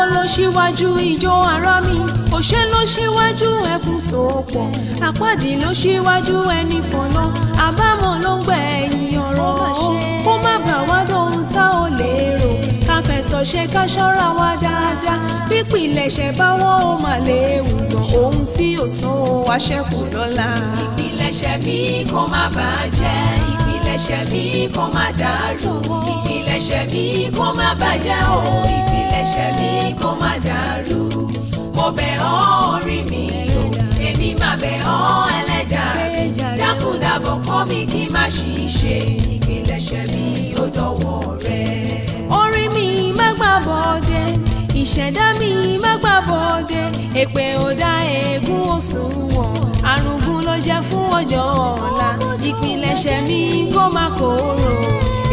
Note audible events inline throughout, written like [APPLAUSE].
owó ló ṣíwájú ìjó ara mi òṣè ló ṣíwájú ẹkún tó pọ̀ àpáàdì ló ṣíwájú ẹni fọ̀nà àbámọ̀ ló ń gbẹ̀yìn ọ̀rọ̀ kó má bà wá dóhun tá ò lérò ká fẹ̀sọ̀ ṣe ká ṣọ́ra wa dáadáa pípìlẹ̀ ṣẹ̀ bá wọ́n ó mà léwu gan ohun tí ò tó wá ṣẹ́kù lọ́la. ìpìlẹ̀ṣẹ̀ bí kò má bàa jẹ́ ìpìlẹ̀ṣẹ̀ mi kó má dàrú ìpìlẹ̀ṣẹ̀ mi kó má bàjẹ́ o ìpìlẹ̀ṣẹ̀ mi kó má dàrú mo bẹ̀ ọ́ orí mi o èmi má bẹ̀ ọ́ ẹlẹ́dàá dákúndàbọ̀ kọ́ mi kí má ṣiṣẹ́ ìpìlẹ̀ṣẹ̀ mi ó dọ̀wọ́ rẹ. orí mi má gbàgbọ́ dé ìṣẹ̀dá mi má gbàgbọ́ dé èpè ò dá eégún òṣùwọ̀n àrùn jẹ fún ọjọ́ ọ̀la ìpilẹ̀ṣẹ̀ mi kó má kóró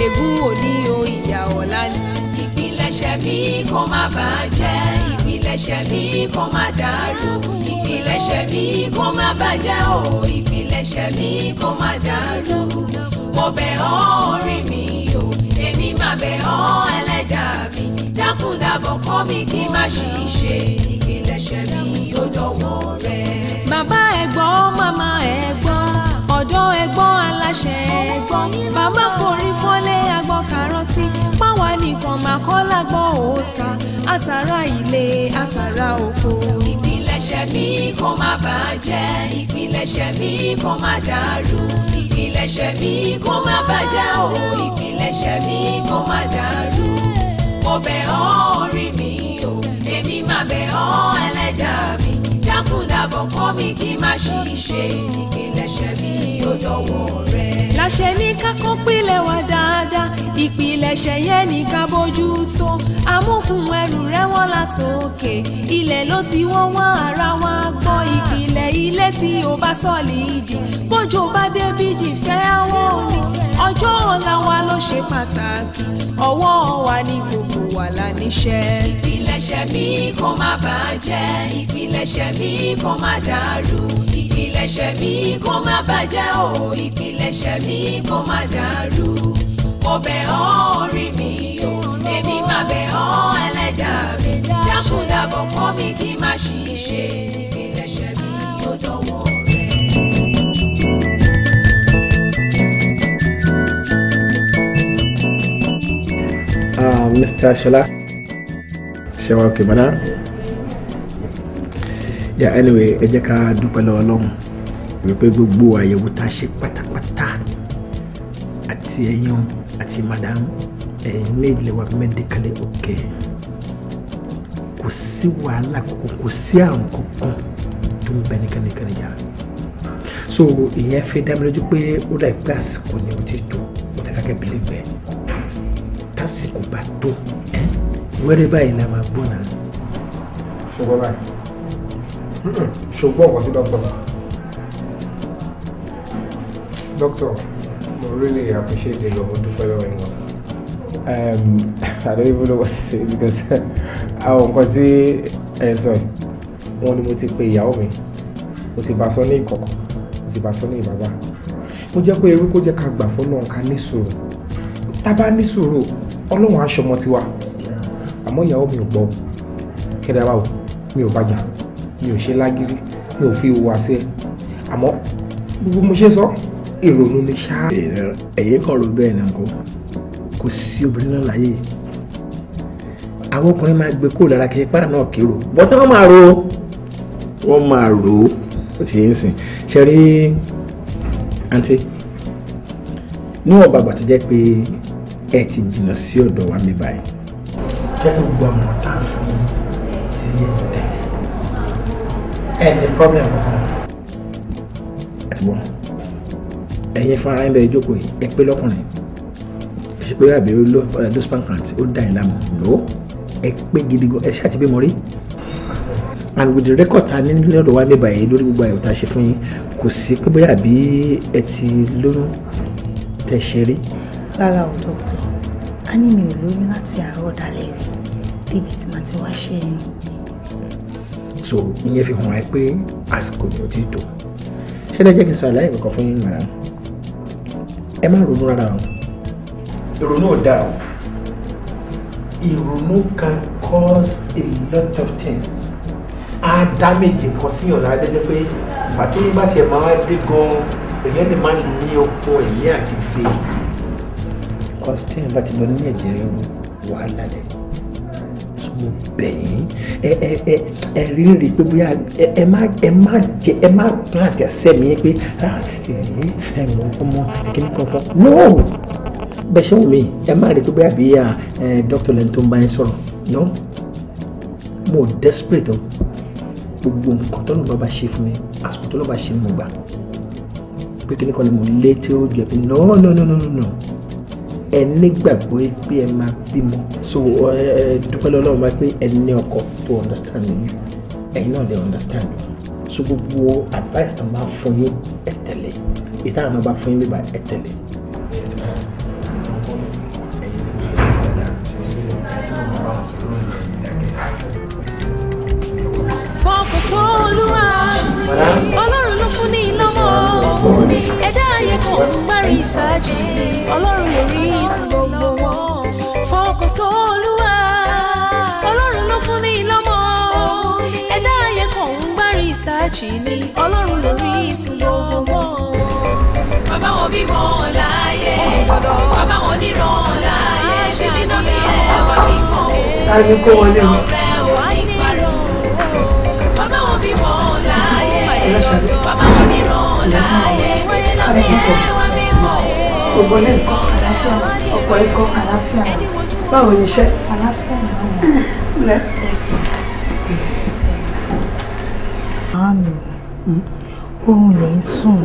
ègún òní o ìyà ọ̀la ni. ìpilẹ̀ṣẹ̀ mi kó má bàjẹ́ ìpilẹ̀ṣẹ̀ mi kó má dàrú ìpilẹ̀ṣẹ̀ mi kó má bàjẹ́ o ìpilẹ̀ṣẹ̀ mi kó má dàrú mo bẹ̀ ọ́ orí mi o èmi má bẹ̀ ọ́ ẹlẹ́dàá mi dákúndàbọ̀ kọ́ mi kí n má ṣì ẹ̀ṣẹ̀ mi ó dọ̀wọ́ rẹ. bàbá ẹ̀gbọ́n màmá ẹ̀gbọ́n ọ̀dọ́ ẹ̀gbọ́n aláṣẹ ẹ̀gbọ́n bàbá forí fọ́lé agbọ́n kárọ́tì páwa nìkan máa kọ́ lágbọ́n òòta àtàrà ilé àtàrà oko. ìpilẹ̀ṣẹ̀ mi kò má bàjẹ́ ìpilẹ̀ṣẹ̀ mi kò má dàrú ìpilẹ̀ṣẹ̀ mi kò má bàjẹ́ o ìpilẹ̀ṣẹ̀ mi kò má dàrú mo bẹ̀ ọ́ orí mi ẹlẹ́dàá mi dákúndàbọ̀ kọ́ mi kí n má ṣiṣẹ́ ìpilẹ̀ṣẹ̀ mi ó dọ̀wọ́ rẹ̀. láṣẹ ní kákọ́ pìlẹ̀ wá dáadáa ìpilẹ̀ṣẹ̀ yẹn ní ká bójú tó amúkùn ẹrù rẹ̀ wọ́n látòkè ilẹ̀ ló ti wọ́n wá ara wa gbọ́ ìpìlẹ̀ ilé tí ó bá sọ́lídì bójú bá dé bíjì fẹ́ àwọn òní ọjọ́ ọ̀la wa ló ṣe pàtàkì ọwọ́ wa ní gbogbo wà láníṣẹ́. ìpilẹ̀ṣẹ̀ mi kò má bàjẹ́ ìpilẹ̀ṣẹ̀ mi kò má dàrú ìpilẹ̀ṣẹ̀ mi kò má bàjẹ́ o ìpilẹ̀ṣẹ̀ mi kò má dàrú mo bẹ̀ ọ́ orí mi o èmi máa bẹ̀ ọ́ ẹlẹ́dàá mi dákúndàbọ̀ kọ́ mi kí má ṣì ìpilẹ̀ṣẹ̀ mi yóò dọ̀wọ́. Mr. Shola Shewa Kimana. Yeah, anyway, ẹ jẹ́ ká dúpẹ́ lọ́wọ́ Ọlọ́run wípé gbogbo àyẹ̀wò tá a ṣe pátápátá àti ẹ̀yin àti madam ẹ̀yin méjì lè wà medically okay kò sí wàhálà kankan kò sí àrùn kankan tó ń so ìyẹn fi dá mi lójú pé ó dà pé àsìkò ni mo ti tó ó dà kákẹ́ bìlẹ̀ tásìkò bá tó wẹ́rẹ́ báyìí la máa gbọ́n náà. ṣùgbọ́n báyìí hmm, ṣùgbọ́n ọ̀pọ̀ sí dókítà náà dókítà mo really appreciate your mo dúpẹ́ lọ́wọ́ yín wọn. I don't even know what to say because àwọn nǹkan tí ẹ sọ yìí wọn ni mo ti pe ìyàwó mi mo ti bá sọ ní ìkọ̀kọ̀ mo ti bá sọ ní ìbàbà mo jẹ́ pé ewu kó jẹ́ ká gbà fún náà ká ní sùúrù tá a bá ní sùúrù ọlọ́run aṣọ ọmọ tiwa àmọ́ ìyàwó mi ò gbọ́ kẹ́rẹ́ àbáwò mi ò bàjà mi ò ṣe lágírí mi ò fi ìwà sí ẹ àmọ́ gbogbo mo ṣe sọ ìrònú ni ṣáá. ẹ̀yẹ́ kọ̀ ló bẹ́ẹ̀ náà kó kò sí obìnrin náà láyé àwọn ọkùnrin máa gbé kúrò lára kí ipá náà kérò bọ́tí wọ́n máa ro wọ́n máa ro ó ti ń sìn ṣe rí àǹtí níwọ̀n bàgbà tó jẹ́ pé ẹ ti jìnnà sí ọ̀dọ̀ wa mi báyìí. jẹ́ kó gbọ́ àwọn ọ̀tá fún mi sí ẹ̀tẹ̀ ẹ̀ ní problem kankan. àti bọ́ ẹ̀yin fún ara ẹ̀ bẹ́ẹ̀ jókòó yìí ẹ pé lọ́kùnrin ṣe pé àbẹ̀rẹ̀ ló spankant ó dá ìlànà lò ó ẹ pé gidi gan ẹ ṣe àti bí mo rí and with the record ta ní lọ́dọ̀ wa mi báyìí lórí gbogbo àyẹ̀wò tá a ṣe fún yín kò sí pé bóyá àbí ẹ ti lóyún tẹ̀ ṣe rí rárá o dókítà a ní mi ò lóyún láti àárọ̀ dalẹ́ rí débi tí màá ti wá ṣe ẹyin. so ìyẹn fi hàn ẹ pé àsìkò mi ò tí ì tó ṣé ẹ jẹ́ kí n sọ àlàyé kankan fún yín màrá ẹ má ronú rárá o ìrònú ò dáa o ìrònú can cause a lot of things á dá méje sí ọ̀nà adẹ́jẹ́ pé pàtó nígbà tí ẹ máa dé gan-an èèyàn lè má ní okun ẹ̀mí àti gbé e because tí èèyàn bá ti lọ ní ẹ̀jẹ̀ ríru wàhálà dẹ̀ so mo bẹ̀ yín ẹ ẹ ẹ ẹ rí rí pé bóyá ẹ ẹ má ẹ má jẹ ẹ má plant ẹsẹ̀ mi pé ah, ẹ mọ ọmọ kíní kankan no bẹ́ẹ̀ ṣe wù mí ẹ má rí pé bóyá bí dr lẹ́nu tó ń bá yín sọ̀rọ̀ no mo desperate o gbogbo nǹkan tó lọ́ba bá ṣe fún mi àsìkò tó lọ́ba ṣe mo gbà pé kíní kan ni mo lé tí ó jẹ̀bi no no no no no. no ẹ nígbàgbọ́ pé ẹ máa bímọ so ẹ dúpẹ́ lọ́wọ́ Ọlọ́run máa pé ẹ ní ọkọ tó understand yín ẹ̀yin náà dey understand you. so gbogbo advice tó máa fún yín ẹ tẹ̀lé ìtàn náà bá fún yín bíbá ẹ tẹ̀lé. fọkàn sóòlù àti ọlọ́run ló fún ní ìlọ́mọ òní tó ń gbárí ìsájì ọlọ́run lè rí ìsìn gbogbo wọn fọkàn sólúwà ọlọ́run ló fún ní lọ́mọ ẹ̀dá ayé kan ń gbárí ìsájì ni ọlọ́run lè rí ìsìn gbogbo wọn. bàbá wọn bímọ láàyè bàbá wọn níran láàyè ṣé bí náà fi ẹ wá bímọ ìran rẹ wá ìparọ bàbá wọn bímọ láàyè bàbá wọn níran láàyè gbogbo ní nǹkan àlàáfíà ọkọ ẹkọ àlàáfíà báwo ni iṣẹ́ àlàáfíà lẹ. Màámi, oorun lè ń sùn.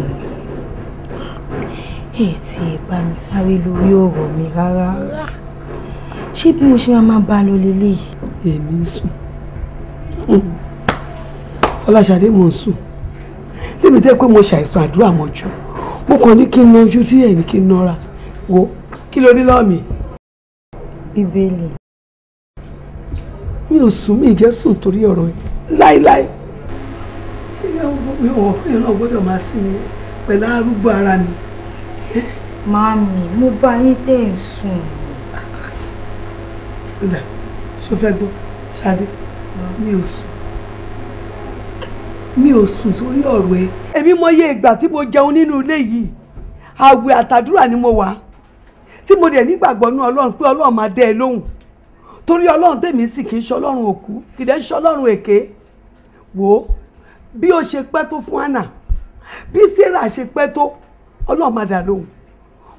Ètì ìbá mi sáré lórí ọ̀rọ̀ mi rárá. Ṣé bí mo ṣe máa máa bá lọ leléyìí? Èmi ń sùn. Fọláṣadé mo ń sùn. Lébi tẹ́ pé mo ṣàìsàn àdúrà mọ́jú mo kàn ní kí n na ojú tí ẹ̀ ní kí n nọra wo kí ló rí lọ́ọ̀mì. bíbélì. mi ò sùn mí ìjẹ́ sùn torí ọ̀rọ̀ ẹ̀ láéláé. ilé mi ò wọ́n pé náà gbọ́dọ̀ máa sí mi pẹ̀lú arúgbó ara mi. màámi mo bá yín tẹ̀ ń sùn. ṣó gbọ́ ṣáde mi ò sùn mi ò sùn sórí ọ̀rọ̀ ẹ. èmi mọ iye ìgbà tí mo jẹun nínú ilé yìí àwẹ̀ àtàdúrà ni mo wà tí mo dẹ̀ nígbàgbọ́ nú ọlọ́run pé ọlọ́run máa dẹ́ ẹ lóhùn torí ọlọ́run tèmi sì kì í ṣọlọ́run òkú kì í dẹ́ ṣọlọ́run èké wò ó bí ó ṣe pẹ́ tó fún àná bí sarah ṣe pẹ́ tó ọlọ́run máa dà lóhùn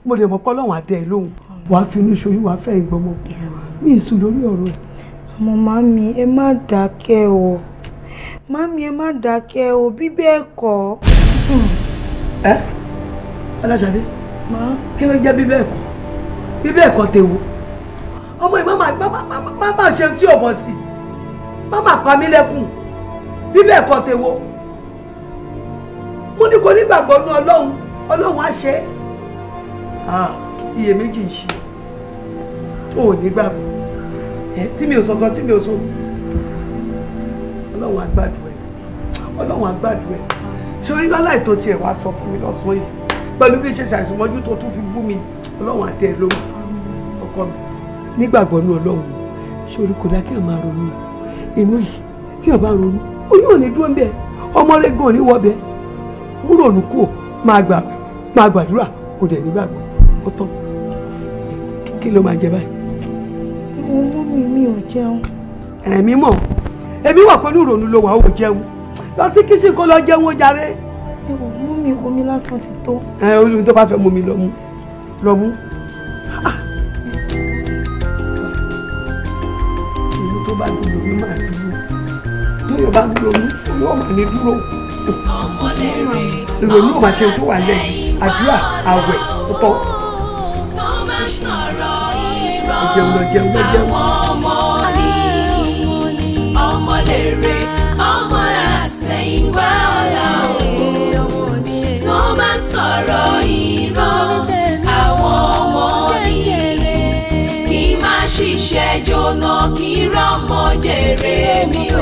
mo dẹ̀ mọ̀ pé ọlọ́run á dẹ́ ẹ lóhùn wàá finú ṣoyún wàá fẹ́ ìgbọ́mọ mi ì sùn lórí ọ̀rọ̀ ẹ̀. àmọ́ màmí ẹ má dákẹ́ o mami ẹ má dákẹ́ o bí bẹ́ẹ̀ kọ́. Hmm. ẹ aláṣadé kí ló jẹ́ bí bẹ́ẹ̀ kọ́ bí bẹ́ẹ̀ kọ́ tèwo ọmọ yìí má má ṣe tí ò bọ̀ sí má má pa mí lẹ́kùn bí bẹ́ẹ̀ kọ́ tèwo mo ní kò ní gbàgbọ́ ní ọlọ́run ọlọ́run á ṣe é iyèméjì ń ṣe ò ní gbàgbọ́ tí mi ò sọ̀sọ̀ tí mi ò sọ̀rọ̀ ọlọ́run á gbàdúrà ọlọ́run á gbàdúrà sórí lọ́lá ètò tiẹ̀ wá sọ fún mi lọ́sàn-án yìí pẹ̀lú bí ṣe ṣàìsùnmọ́jú tó tún fi bú mi ọlọ́run á tẹ́ ẹ lórí ọkọ mi nígbàgbọ́ ní ọlọ́run sórí kò dákẹ́ máa ronú inú yìí tí ọba ronú oyún ò ní dúró ń bẹ ọmọ rẹ gan ò ní wọ bẹ múrò ònú kú ò máa gbà máa gbàdúrà kò dẹ̀ nígbàgbọ́ ó tán kí ló máa jẹ báyìí. mo mú mi mi ò jẹun. ẹ̀mí mọ̀ èmi wà pẹ̀lú ìrònú ló wà ó jẹun lọ sí kíṣìn kó lọ jẹun ó jàre. ẹ wò mú mi omi lásán ti tó. ẹ olùdó bá fẹ́ mú mi lọ mú lọ mú. Ah! ìlú tó bá dùn lómi máa dúró tóyọ̀ bá dùn lómi olú ọ̀mà ní dúró. ìrònú ọ̀mà ṣe tó wà lẹ́yìn àdúrà àwẹ̀ tó tọ́. ẹ jẹun lọ jẹun lọ jẹun jèrè ọmọ àṣẹ̀yìnwá ọ̀la òun tó máa sọ̀rọ̀ ìran àwọn ọmọ nìyí kí má ṣiṣẹ́ jóná kí rọ́mọ jèrè mi ò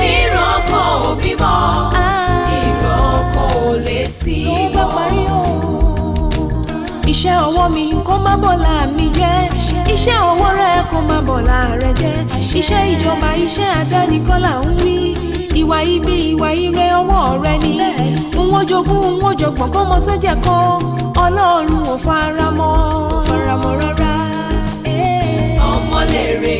ríran kan ò bímọ ìran kan ò lè sí mọ́. iṣẹ́ ọwọ́ mi kó má bọ̀là mi jẹ́ iṣẹ́ ọwọ́ rẹ kò má bọ̀ láàrẹ jẹ́ iṣẹ́ ìjọba iṣẹ́ àdáni kọ́ là ń wí ìwà ibi ìwà ire ọwọ́ rẹ ni òun ó jogún òun ó jọgbọ̀n kọ́mọ sójà kan ọlọ́run ò faramọ́ faramọ́ rárá. ọmọ lèrè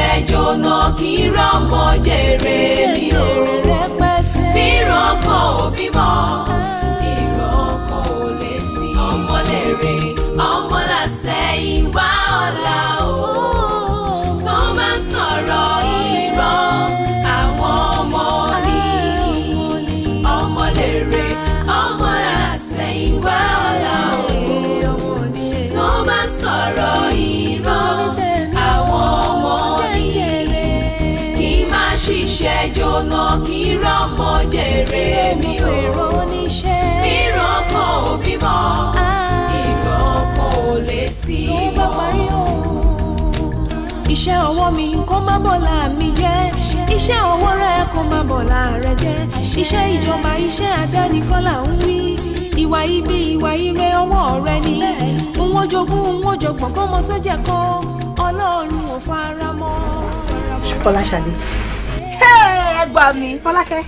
jẹ jóná kí rọmọ jèrè mi o bí rọkọ ò bímọ ò lè sí ọmọ lè ọmọ làṣẹ ìwà ọ̀la o tó bá sọ̀rọ̀ irọ́ àwọn ọmọ ni ọmọ lè ọmọ làṣẹ ìwà ọ̀la o tó bá sọ̀rọ̀ irọ́. jóná kí rámọ jèrè mi o mìíràn kan ò bímọ ah. ìran kan ò lè sí mọ́. iṣẹ́ ọwọ́ mi kó má bọ̀là mi jẹ́ iṣẹ́ ọwọ́ rẹ kó má bọ̀là rẹ jẹ́ iṣẹ́ ìjọba iṣẹ́ adánikọ́là ń wí ìwà ibi ìwà ire ọwọ́ rẹ ni ń jogún ń wọ́n kọ́mọ sójà kan ọlọ́run ò fara mọ́. ṣùkọ́ láṣàdé ẹ gbà mí. Fọlákẹ́.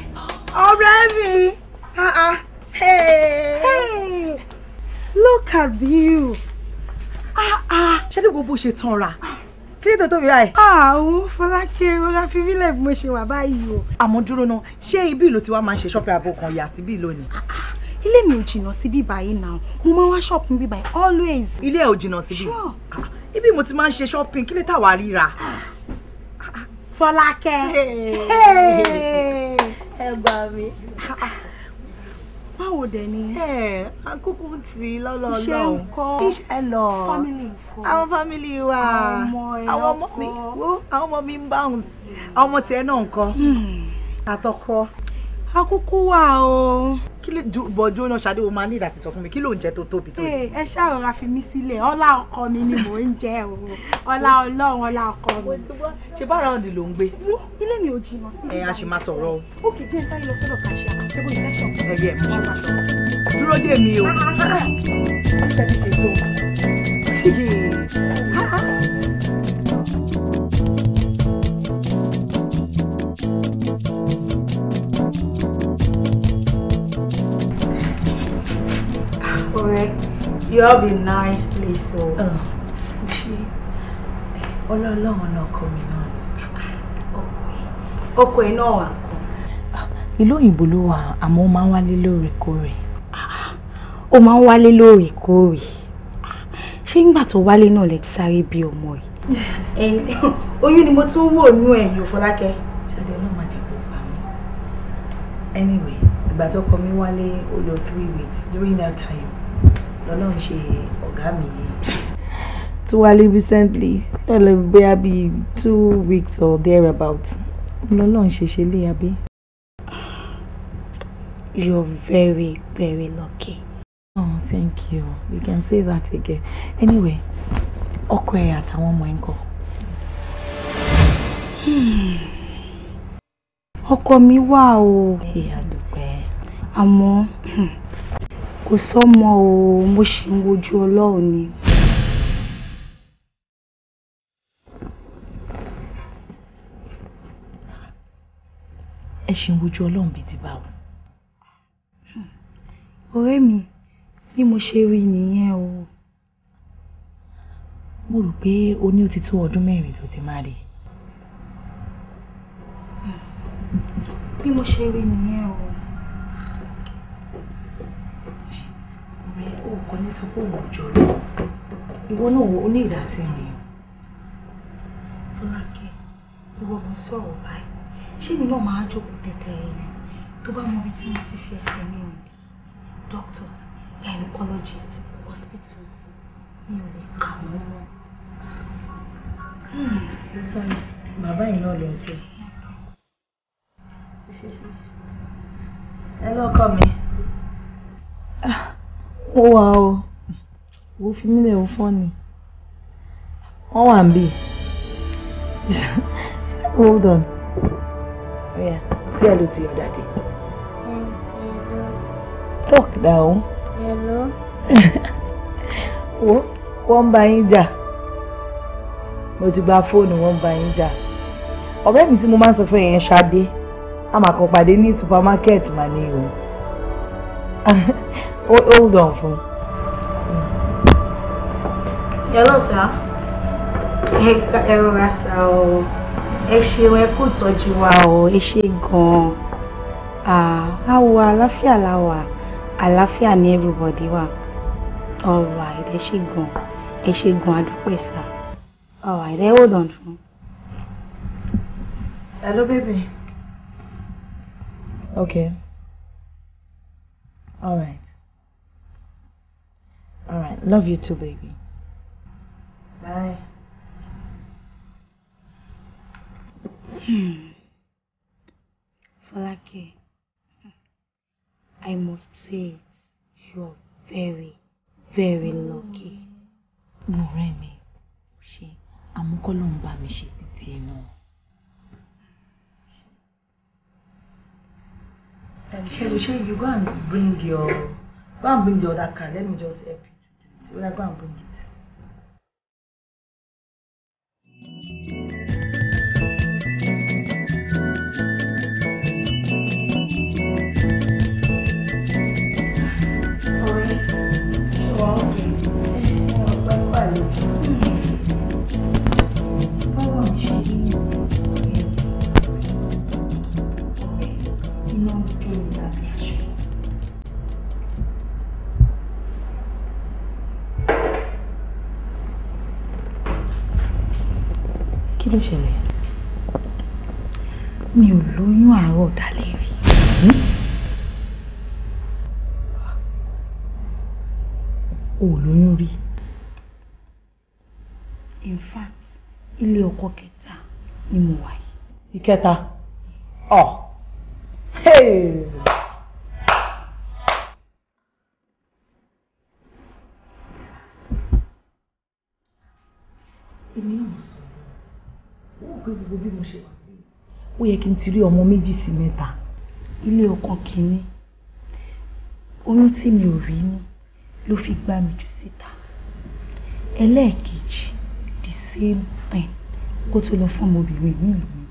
ọ̀rẹ́ mi. Ah, ah. look at you. Ah, ṣé ní gbogbo ṣe tán ra kí ló tóbi báyìí. àwọn Fọlákẹ́ rọra fi mílẹ̀ bí mo ṣe wà báyìí o. àmọ́ dúró náà ṣé ibi ìlú tí wàá máa ń ṣe ṣọ́ọ̀pù àbòkan yà síbí lónìí ilé mi ò jìnnà sí bíbá yìí náà mo máa ń wá shopping bíbá yìí always. ilé ẹ ò jìnnà síbí ibi mo ti máa ń ṣe shopping kí lè tàwa ríra. Fọlákẹ́ ẹ gbà mí báwo dẹ̀ ni. akókò ń tì í lọ́lọ́ lọ iṣẹ́ ńkọ́ iṣẹ́ lọ fámìlì ńkọ́ àwọn fámìlì wa àwọn ọmọ mi wo àwọn ọmọ mi ń bounce àwọn ọmọ tiẹ̀ náà ńkọ́ hmm. àtọkọ. akókò wà o kí lè bọjú náà ṣáde o máa ní ìdàtí sọ fún mi kí ló ń jẹ tó tóbi tó yìí. Eh, ẹ ṣáà rọra fi mí sílẹ̀ ọlá ọkọ mi ni mò ń jẹ o ọlá Ọlọ́run ọlá ọkọ mi. ṣe bá ráùndì ló ń gbé. ilé mi ò jìnnà sí. ẹ eh, a sì máa sọ̀rọ̀ o. ó kì í jẹ́ sáré lọ sọ́dọ̀ kàṣà ṣé bó ilé ṣọ̀. ẹ yẹ mi ṣe dúró dè mí o. [LAUGHS] ṣé kí ṣe tó o. you have a nice place so. Oh. She. ọlọ́ọ̀lọ́wọ̀n náà kọ mi coming on. Okay. Okay, no, kọ. Ilo òyìnbó ló wà àmọ́ ó máa ń wálé lóòrèkóòrè. ó máa ń wálé lóòrèkóòrè ṣé nígbà tó wálé náà lè ti sáré bí ọmọ ẹ. [LAUGHS] oyún ni mo tún wò nú ẹ yóò fọlákẹ́. ṣáde ọlọ́run máa jẹ́ kó pa mí. anyway ìgbà tó kọ mi wálé ó lọ three weeks during that time lọ́lọ́run ṣe ọ̀gá mi yìí. Tiwale recently ẹlẹ bóyá bíi two weeks or thereabout lọ́lọ́run ṣe ṣe lé abí. You're very very lucky. Oh, thank you. You can say that again. Anyway, ọkọ ẹ àtàwọn ọmọ ẹ ń kọ́. Hmm. Ọkọ mi wà o. Ìyá dúpẹ́. Hmm kò sọ́mọ o mo ṣì ń wojú ọlọ́run ni. ẹ ṣì ń wojú ọlọ́run bíi ti báwo. Hmm. ọ̀rẹ́ mi bí mo ṣe rí nìyẹn o. mo rò pé o ní ó ọdún mẹ́rin tó ti máa rí. Hmm. bí mo ṣe rí nìyẹn o. mi ò kọ́ ní sọ pé òun jọ lọ ìwọ náà ó ní ìdásí mi fúlákẹ́ ìwọ mo sọ̀rọ̀ báyìí ṣé èmi náà máa jókòó tẹ́tẹ́ ẹni tó bá mọ ibi tí mo ti fi ẹsẹ̀ mi rìn doctors gynecologists hospitals mi ò lè kà wọ́n mọ́. Hmm, bàbá yìí náà ló ń ẹ lọ́kọ mi. Ah ó wà ó wò fi mí lẹ̀ wò wọ́n wà ń bì [LAUGHS] hold on yeah. say hello to your talk down hello wo wọ́n bá yín jà mo ti gba fóònù wọ́n bá yín jà ọ̀rẹ́ mi tí mo máa ń sọ fún yẹn Ṣadé a pàdé ní supermarket mà ní o. [LAUGHS] hold on fún. yẹ́lò sá ẹ rọra sá o ẹ ṣeun ẹ kú ìtọ́jú wa o Ah, ṣe gan Lafia àwọ̀ àlàáfíà la wà àlàáfíà ni everybody wà alright ẹ ṣe gan-an ẹ ṣe gan-an adúpẹ́ sá alright ẹ hold on fún. hello baby. okay. All right. All right. Love you too, baby. Bye. Hmm. Falake, I must say it. You are very, very lucky. Ọ̀rẹ́ she, I'm àmúkọ́lọ́ ń bá mi ṣe títí ẹ̀ náà. Shelly, you go and bring your, go and bring the other car. Let me just help you. Legal, bonito. ló ṣẹlẹ̀? Mi ò lóyún àárọ̀ dalẹ̀ rí. Hmm? O ò lóyún rí. In fact, ilé ọkọ kẹta ni mo wà yìí. Ìkẹta? Ọ̀. Hey! pé gbogbo bí mo ṣe wà yìí ó yẹ kí n ti rí ọmọ méjì sí mẹ́ta ilé ọkàn kìíní oyún tí mi ò rí ní ló fi gbá mi jù síta ẹlẹ́ẹ̀kejì the same thing kó tó lọ fún ọmọbìnrin mi ìlú mi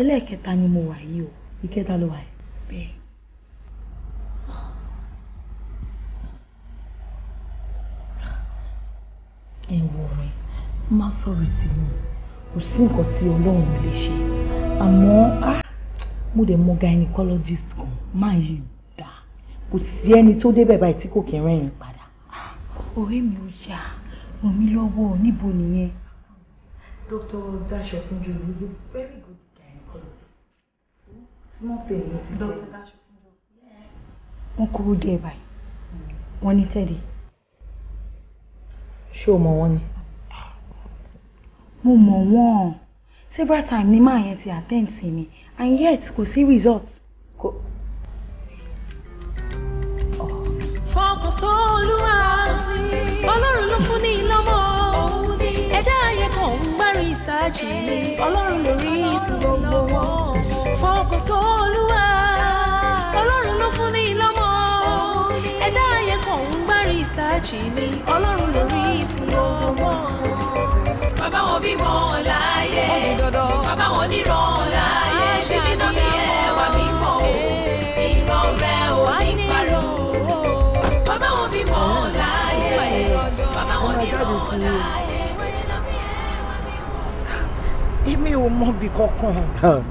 ẹlẹ́ẹ̀kẹta ni mo wà yìí o ìkẹta ló wà yìí bẹ́ẹ̀. ẹ wò mí má sọ̀rọ̀ tìmọ̀ kò sí nǹkan tí ọlọ́run ò lè ṣe àmọ́ ah, mo dẹ̀ mọ gynecologist kan máa yí dá kò sí ẹni tó débẹ̀ báyìí tí kò kí ń rẹ́yìn padà. Ah, ọ̀rẹ́ mi ò yá ràn mí lọ́wọ́ níbo nìyẹn. Dr. Dasho Funjo is a very good gynecologist. small thing ló ti jẹ́. Dr. Dasho Funjo. wọ́n kúrò dé báyìí wọ́n ní tẹ́lẹ̀. ṣé o mọ̀ wọ́n ni mo mọ̀ wọ́n several times ni máa yẹn ti attend sí mi and yet kò sí result. Kò... fọkàn sólúwà ọlọ́run ló fún ní ìlọ́mọ ẹ̀dá ayé kan ń gbárí ìsájì ọlọ́run lórí ìsìn gbogbo wọn fọkàn sólúwà ọlọ́run ló fún ní ìlọ́mọ ẹ̀dá ayé kan ń gbárí ìsájì ni. ò mọ̀bi kankan. [LAUGHS]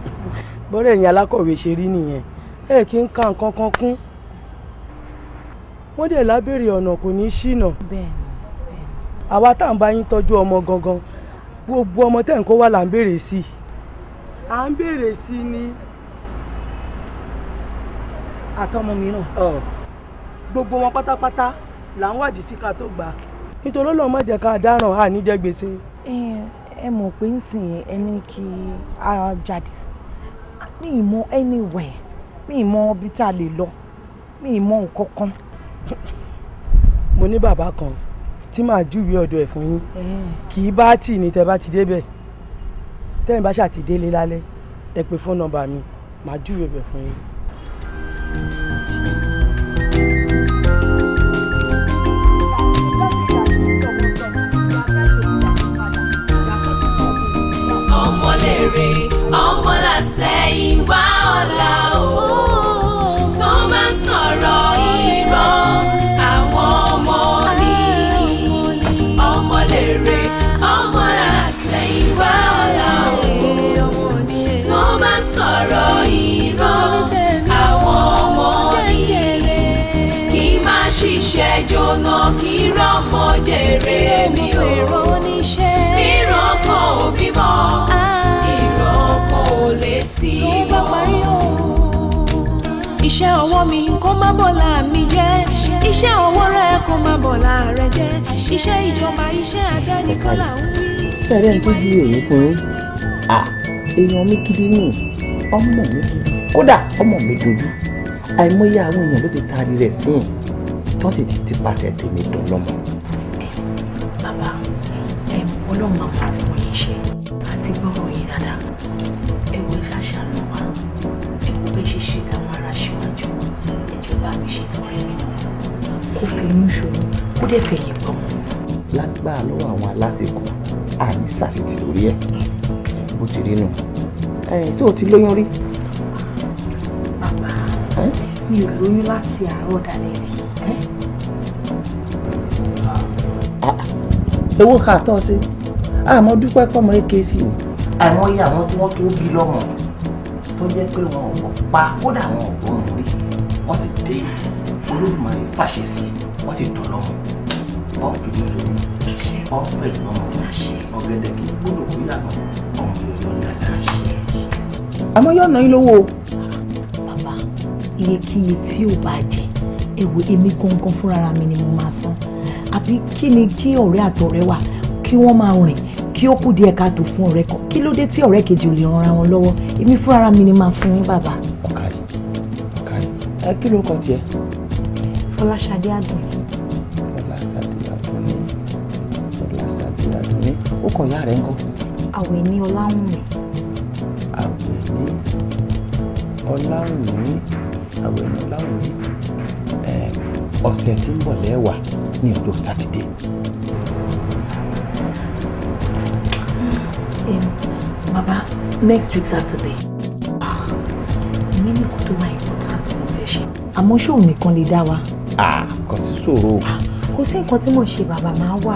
bọ́rẹ̀ ẹ̀yin alákọ̀wé ṣe rí nìyẹn ẹ kì í ka nǹkan kan kún wọ́n dẹ̀ lábẹ́rẹ́ ọ̀nà kò ní í ṣìnà. àwa tá à ń bá yín tọ́jú ọmọ gangan gbogbo ọmọ tẹ̀ ń kó wá là ń béèrè sí i. à ń béèrè sí i ni àtọmọ mìíràn gbogbo wọn pátápátá là ń wádìí sí ká tó gbà nítorí Ọlọ́run má jẹ́ ká dáràn àníjẹ́ gbèsè ẹ mọ̀ pé ń sìn yẹn ẹni kí a jáde sí mi ì mọ anywhere mi ì mọ ibi tá a lè lọ mi ì mọ nǹkan kan. [LAUGHS] mo ní bàbá kan tí màá júwèé ọ̀dọ̀ ẹ̀ fún yín kì í bá tì ní tẹ́ bá ti débẹ̀ tẹ́yìn bá ṣàtìdélé lálẹ́ ẹ pè fóònù nọ́mbà mi màá júwèé bẹ̀ fún yín. èrè ọmọlàsẹ̀yìnwá ọ̀la o tó máa ń sọ̀rọ̀ ìran àwọn ọmọ ni ọmọlèrè ọmọlàsẹ̀yìnwá ọ̀la o tó máa ń sọ̀rọ̀ ìran àwọn ọmọ ni kí má ṣiṣẹ́ jóná kí rọ́mọ jèrè. má bọ̀là mi jẹ́ iṣẹ́ ọwọ́ rẹ kó má bọ̀là rẹ jẹ́ iṣẹ́ ìjọba iṣẹ́ àdánikọ́ ń wí. sẹ́rẹ̀ ń tójú èyí fún yín èèyàn mi gidi nù ọmọ mi gidi kódà ọmọ mi dojú àìmọye àwọn èèyàn ló ti taari rẹ̀ sí yìn tó sì ti ti pàṣẹ tèmi dán lọ́mọ. dẹ̀ fẹ̀yìn gbọ́. lágbára lọ́wọ́ àwọn alásìkò àní sàṣìtì lórí ẹ̀ bó ti rí nù. ẹ ṣé o ti lóyún rí. bàbá mi ò lóyún láti àárọ̀ dalẹ́ rí. owó ká tọ́ sí àmọ́ dúpẹ́ pọ́mọ èké sí o. àmọ́ iye àwọn tí wọ́n tó bí lọ́mọ tó jẹ́ pé wọn ò pa kódà wọn ò gbọ́n rí wọ́n sì dé olódùmarè fàṣẹ sí wọ́n sì tọ̀ lọ́mọ ọ̀fìlú sọ̀rọ̀ ọ̀fẹ́ ìgbọ̀n ọ̀gẹ̀dẹ̀ kí gbọ́dọ̀ kó yàgò ọ̀hún yóò yọ̀ dáadáa. àmọ́ yóò ná yín lówó. bàbá iyekíye tí ò bá jẹ èwo èmi gangan fúnra mi ni mo máa san àbí kí ni kí ọ̀rẹ́ àtọ̀rẹ́ wà kí wọ́n máa rìn kí ó kù díẹ̀ káàtó fún ọ̀rẹ́ kan kí ló dé tí ọ̀rẹ́ kejì ò lè ran ara wọn lọ́wọ́ èmi fúnra mi ni máa fún yín bàbá. ọ̀kàrí ọ̀kàrí ẹ kí ló kọ tiẹ̀. fọláṣadé àdùn. Àgbẹ̀ní Ọláwùnmí. Àgbẹ̀ní Ọláwùnmí Àgbẹ̀ní Ọláwùnmí ọ̀sẹ̀ tí ń bọ̀ lẹ́wà ní ọjọ́ sátidé. bàbá next week saturday èmi ní kó tó wá important mo fẹ́ ṣe àmọ́ ṣóò nìkan lè dá wa. kò sí ṣòro. kò sí nǹkan tí mò ń ṣe bàbá máa wà.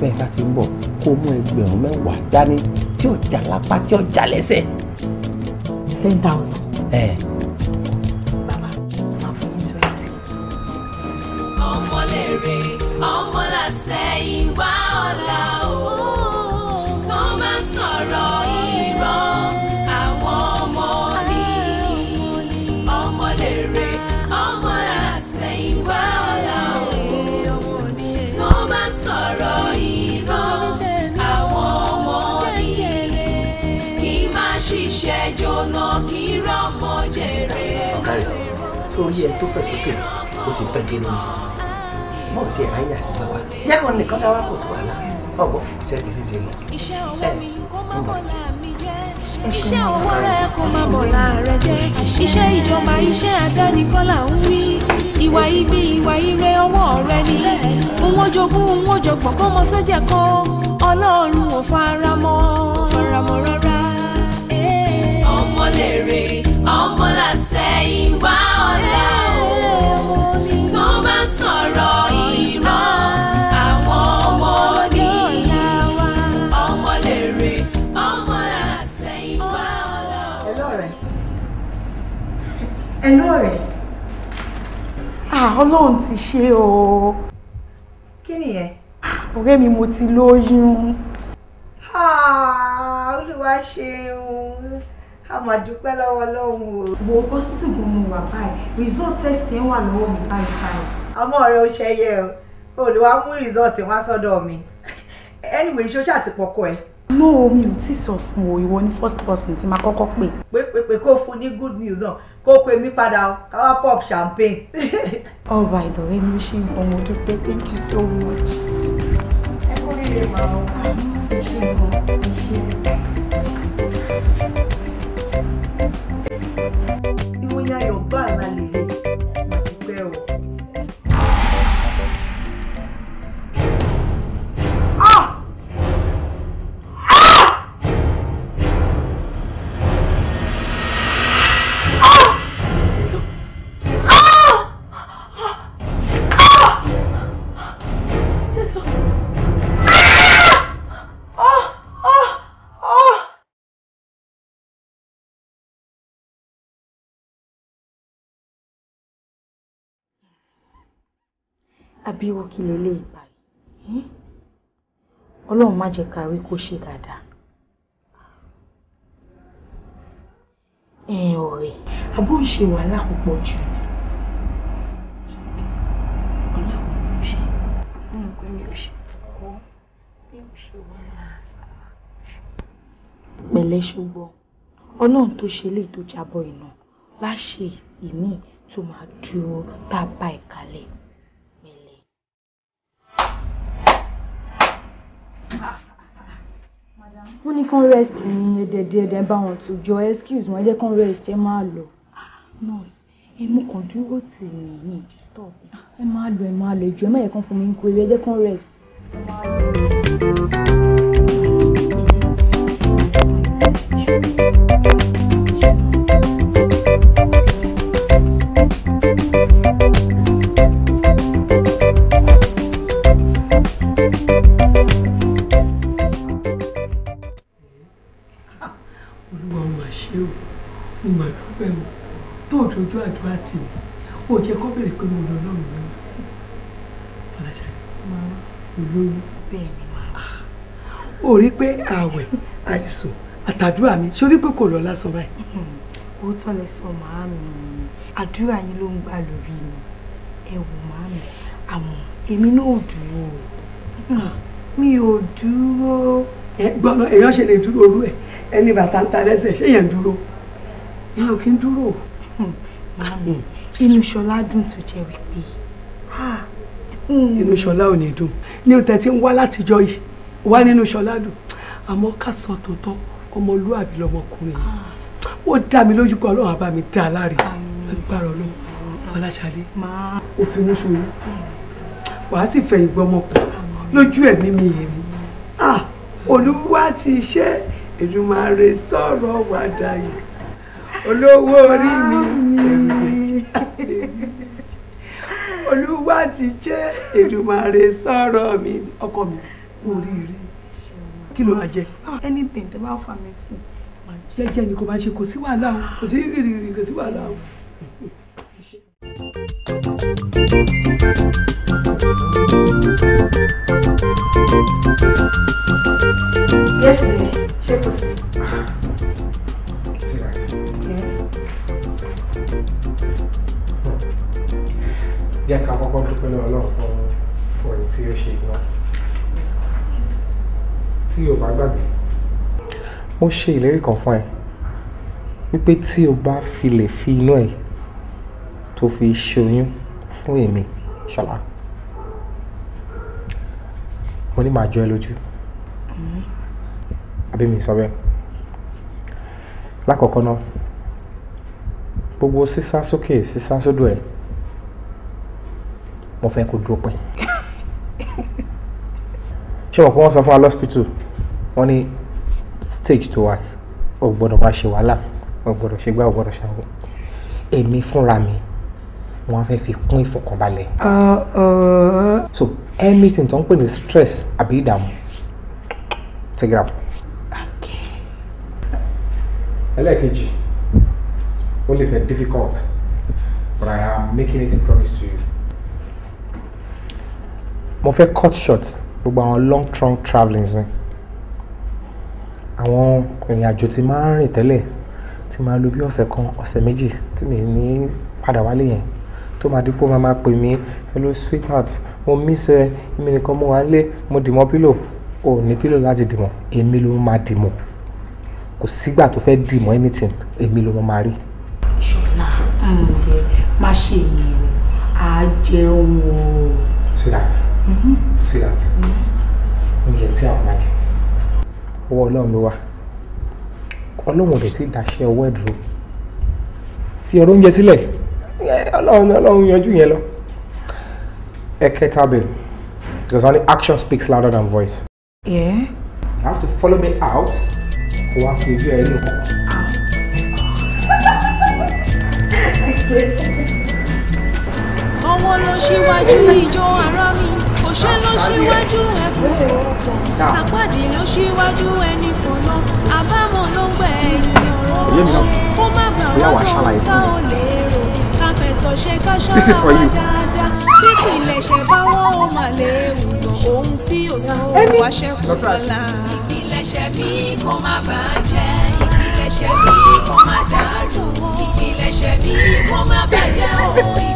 bẹ́ẹ̀ bá ti ń bọ̀ kó mú ẹgbẹ̀rún mẹ́wàá dání tí ò jà lápá tí ò jà lẹ́sẹ̀. ten thousand. ẹ. bàbá máa fún yín twenty. ọmọ lèrè ọmọ làṣẹ ìwà ọ̀la o. ẹni tó fẹ̀ sókè ó ti pẹ́ dé lórí mọ̀ tí ẹ̀ ráyè àti bàbá yàgò nìkan dá wà kò sí wàhálà ọ̀gbọ́ iṣẹ́ ti ṣiṣẹ́ lọ. iṣẹ́ ìjọba iṣẹ́ àdánìkọ́là ń wí ìwà ibi ìwà ire ọwọ́ rẹ ni òun ojogún òun ojogbọ̀n kọ́mọ tó jẹ́ kọ́ ọlọ́run ò faramọ́ faramọ́ rárá. ọmọ ọmọlàṣẹ̀yìnwá ọ̀la o tó bá sọ̀rọ̀ ìran àwọn ọmọ nìyí ọmọlèrè ọmọlàṣẹ̀yìnwá ọ̀la o. ẹ̀lọ́ rẹ̀ ẹ̀lọ́ rẹ̀ ọlọ́run ti ṣe o. kí nìyẹn. ọ̀rẹ́ mi mo ti lóyún. ó lè wá ṣe òun ká máa dúpẹ́ lọ́wọ́ Ọlọ́run o. wo hospital gan mo wà báyìí result test ẹ̀ wà lọ́wọ́ mi báyìí báyìí. ọmọ rẹ ò ṣẹyẹ o olùwà mú result wá sọ́dọ̀ mi anyway ṣó ṣàtìpọ̀kọ ẹ̀ no mi ò tí sọ fún o ìwọ ni first person tí ma kọ́kọ́ pè. pé pé pé kó fún ní good news náà kó pe mí padà o pop champagne. [LAUGHS] all right ọ̀rẹ́ mi ṣe ń bọ̀ mo dúpẹ́ thank you so much. ẹ kó rí rẹ̀ máa ń bá ṣe ṣe gan. abirú kí leléyìí báyìí hmm? ọlọ́run má jẹ́ ká rí kó ṣe dáadáa. ẹ̀yin ọ̀rẹ́ àbó ń ṣe wàhálà púpọ̀ jù ni. pẹ̀lẹ́ ṣùgbọ́n ọlọ́run tó ṣe lè tó jábọ̀ iná láṣẹ ìmíì tó máa dúró tá a bá ìkàlẹ̀. wọ́n ní kán rest ní ẹ̀dẹ̀dẹ̀ ẹ̀dẹ̀ bá wọn tún jọ excuse wọn ẹ jẹ́ kán rest ẹ máa lọ. nurse èmi kàn dúró tì í ní stop. ẹ máa lọ ẹ máa lọ ìjọ ẹ má yẹ kán fún mi ń kú ẹ jẹ́ kán rest. ẹ máa lọ. sí mi ó jẹ́ kó bèrè pé mo lọ lọ́rùn mi ọ̀làṣà olóyún. bẹ́ẹ̀ ni màá. ó rí pé ààwẹ̀ àìsùn àtàdúrà mi ṣé ó rí pé kò lọ lásán báyìí. òótọ́ lẹ sọ màá mi àdúrà yín ló ń gbà lórí mi ẹ wò màá mi àmọ́ èmi náà ò dúró ah. mi ò dúró. ẹ gbọ́dọ̀ èèyàn ṣe lè dúró orú ẹ ẹni bàtà ń ta lẹ́sẹ̀ ṣé èèyàn dúró èèyàn kì í dúró. [LAUGHS] Mm. inú ṣọlá dùn tó jẹ́ wípé. Ah, mm. inú ṣọlá ò ní dùn ní o tẹ̀sí ń wá látijọ́ yìí wá nínú ṣọlá dùn àmọ́ ká sọ tòótọ́ ọmọlúàbí lọmọkùnrin yìí ah. ó dá mi lójú pé ọlọ́run àbá mi dá a láre agbára ọlọ́run ọláṣadé ó fi mú sóru mm. wàá sì fẹ̀yìn gbọ́mọkùn lójú ẹ̀mí mi yìí ah olúwa ti ṣe Èdùmàrè sọ̀rọ̀ wàdà yìí olówó orí mi. olúwa ti jẹ́ èdùmàrè sọ̀rọ̀ mi ọkọ mi oríire kí ló máa jẹ. Ah, anything tẹ bá fà mí sí. jẹ́jẹ́ ni kò bá ṣe kò sí wàhálà o kò sí rírì kò sí wàhálà o. yes ṣe kò sí. Ah, jẹ́ ká kọ́kọ́ dúpẹ́ lọ́wọ́ Ọlọ́run fún orin tí ó ṣe ìgbà tí o bá gbàgbé. mo ṣe ìlérí kan fún ẹ wípé tí o bá fi lè fi inú ẹ tó fi ṣoyún fún èmi ṣọlá mo ní màá jọ ẹ lójú àbí mi sọ bẹ́ẹ̀ lákọ̀ọ́kọ́ náà gbogbo sísá sókè sísá sódò ẹ̀ mo fẹ́ kó dúró pẹ́ ṣé mo pé wọ́n sọ fún wa lọ́sípítù wọ́n ní stage tó wà o gbọ́dọ̀ máa ṣe wàhálà o gbọ́dọ̀ ṣe gbá o gbọ́dọ̀ ṣàwọ̀ èmi fúnra mi wọ́n fẹ́ fi kún ìfọkànbalẹ̀. Uh, uh. so anything tó ń pè ní stress àbí ìdààmú take it out. ẹlẹ́ẹ̀kejì ó lè fẹ́ difficult but I am making it a promise to you mo fẹ́ cut short gbogbo àwọn long trunk travelings mi àwọn ìrìn àjò tí máa ń rìn tẹ́lẹ̀ tí máa lò bí ọ̀sẹ̀ kan ọ̀sẹ̀ méjì tí mi ní padà wálé yẹn tó máa dípò máa máa pè mí hello sweetheart mo miss ẹ èmi nìkan mo wà ń lé mo dìmọ́ pílò ò ní pílò láti dìmọ́ èmi ló máa dìmọ́ kò sígbà tó fẹ́ dìmọ́ anything èmi ló máa rí. ṣọlá ǹjẹ́ má ṣe ìyẹn o àá jẹun o. sweetheart Mm-hmm. see that mm-hmm. oúnjẹ tí àwọn máa jẹ ọwọ́ ọlọ́run ti dàṣẹ ọwọ́ ẹ̀ fi ọ̀rọ̀ oúnjẹ sílẹ̀ ọlọ́run ọlọ́run yanjú yẹn lọ ẹ̀kẹta bẹ́ẹ̀ because only action speaks louder than voice. Yeah. you have to follow me out kó wá fi ojú ẹ nù. owó ló ṣíwájú ìjọ ara mi àkànṣe ló ṣíwájú ẹkùn tí àpàdé ló ṣíwájú ẹni fòná àbámọ̀ ló gbẹ ẹ̀yìn ọ̀rọ̀ ṣe kó má bà wọ́n tó ń lè rò káfẹ̀sọ̀ ṣe káṣọ́ ọ̀gá dáadáa pípì ilẹ̀ṣẹ̀ bá ó mà lè wùdọ̀ ohun tí ò tó wá ṣẹ́kù lọ́la. ìpìlẹ̀ṣẹ̀ bí kò má bàjẹ́ ìpìlẹ̀ṣẹ̀ bí kò má dàrú ìpìlẹ̀ṣẹ̀ bí kò má bàjẹ́ òun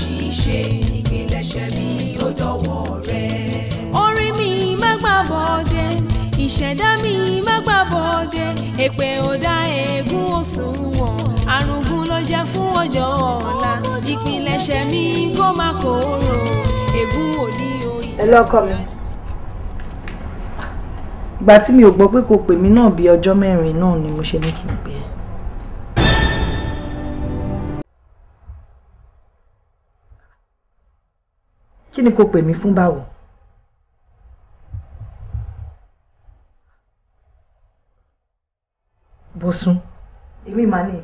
ṣíṣe ìpilẹ̀ṣẹ̀ mi ó dọ̀wọ́ rẹ. orí mi má gbà bọ́dẹ ìṣẹ̀dá mi má gbà bọ́dẹ èpè ọ̀dà eégún òṣùwọ̀n àrùngún ló jẹ́ fún ọjọ́ ọ̀la ìpilẹ̀ṣẹ̀ mi kó má kóró eégún òní òyìn. ẹ lọ́kọ mi ìgbà tí mi ò gbọ́ pé kò pè mí náà bíi ọjọ́ mẹ́rin náà ni mo ṣe ní kí n pè é. ni kò pè mí fún báwo. Bọ́sún èmi mà ní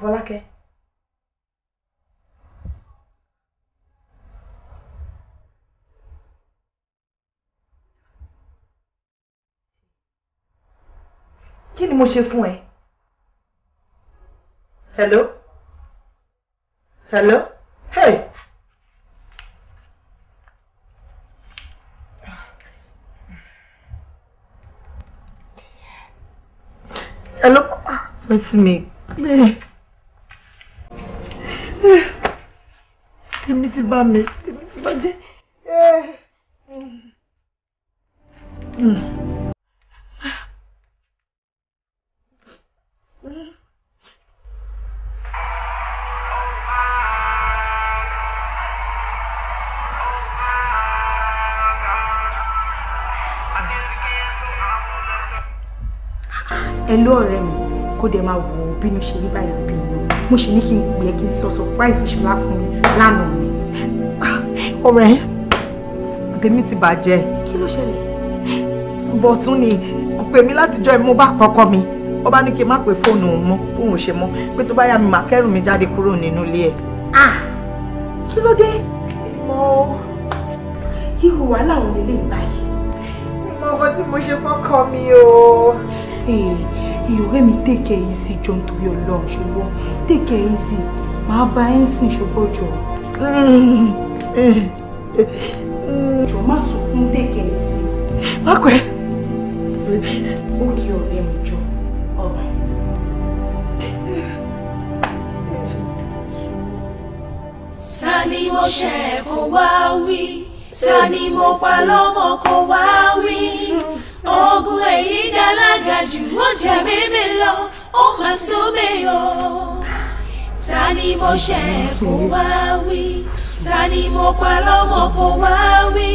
Fọlákẹ́. kí ni mo ṣe fún ẹ. hello hello hey Elok, besmik. Dimitri bame, dimitri baje. Eh. Hmm. ẹ ló ọ̀rẹ́ mi kó dẹ̀ máa wò ó bínú ṣe rí báyìí lóbi inú mo ṣe ní kí n pè é kí n sọ surprise ìṣọlá fún mi lánàá mi. ọ̀rẹ́ tèmi ti bàjẹ́. kí ló ṣẹlẹ̀. bọ̀sùn ni kò pè mí látijọ́ ẹ̀ mo bá kọ́kọ́ mi ó bá ní kí n má pe fóònù mọ́ bóun ṣe mọ́ pé tó bá yá mi máa kẹ́rù mi jáde kúrò nínú ilé ẹ̀. ah kí ló dé. mo ihò wàhálà òun lè lè báyìí. mo mọ ọkọ tí mo ṣe fọ́kọ mi o ìrẹ́ mi take care easy John. jọ nítorí ọlọ́run ṣùgbọ́n take care easy màá bá ẹ́ ń sìn ṣùgbọ́n jọ. jọ má sunkún take care easy. má pẹ́. ó kí ọ̀rẹ́ mi jọ ọ̀rẹ́. ta ni mo ṣe kó wá wí ta ni mo pa lọ́mọ kó wá wí ogun èyí galaga jù ó jẹ mímí lọ ó mà sọ o ta ni mo ṣe kó wá wí ta ni mo pa lọ́mọ kó wá wí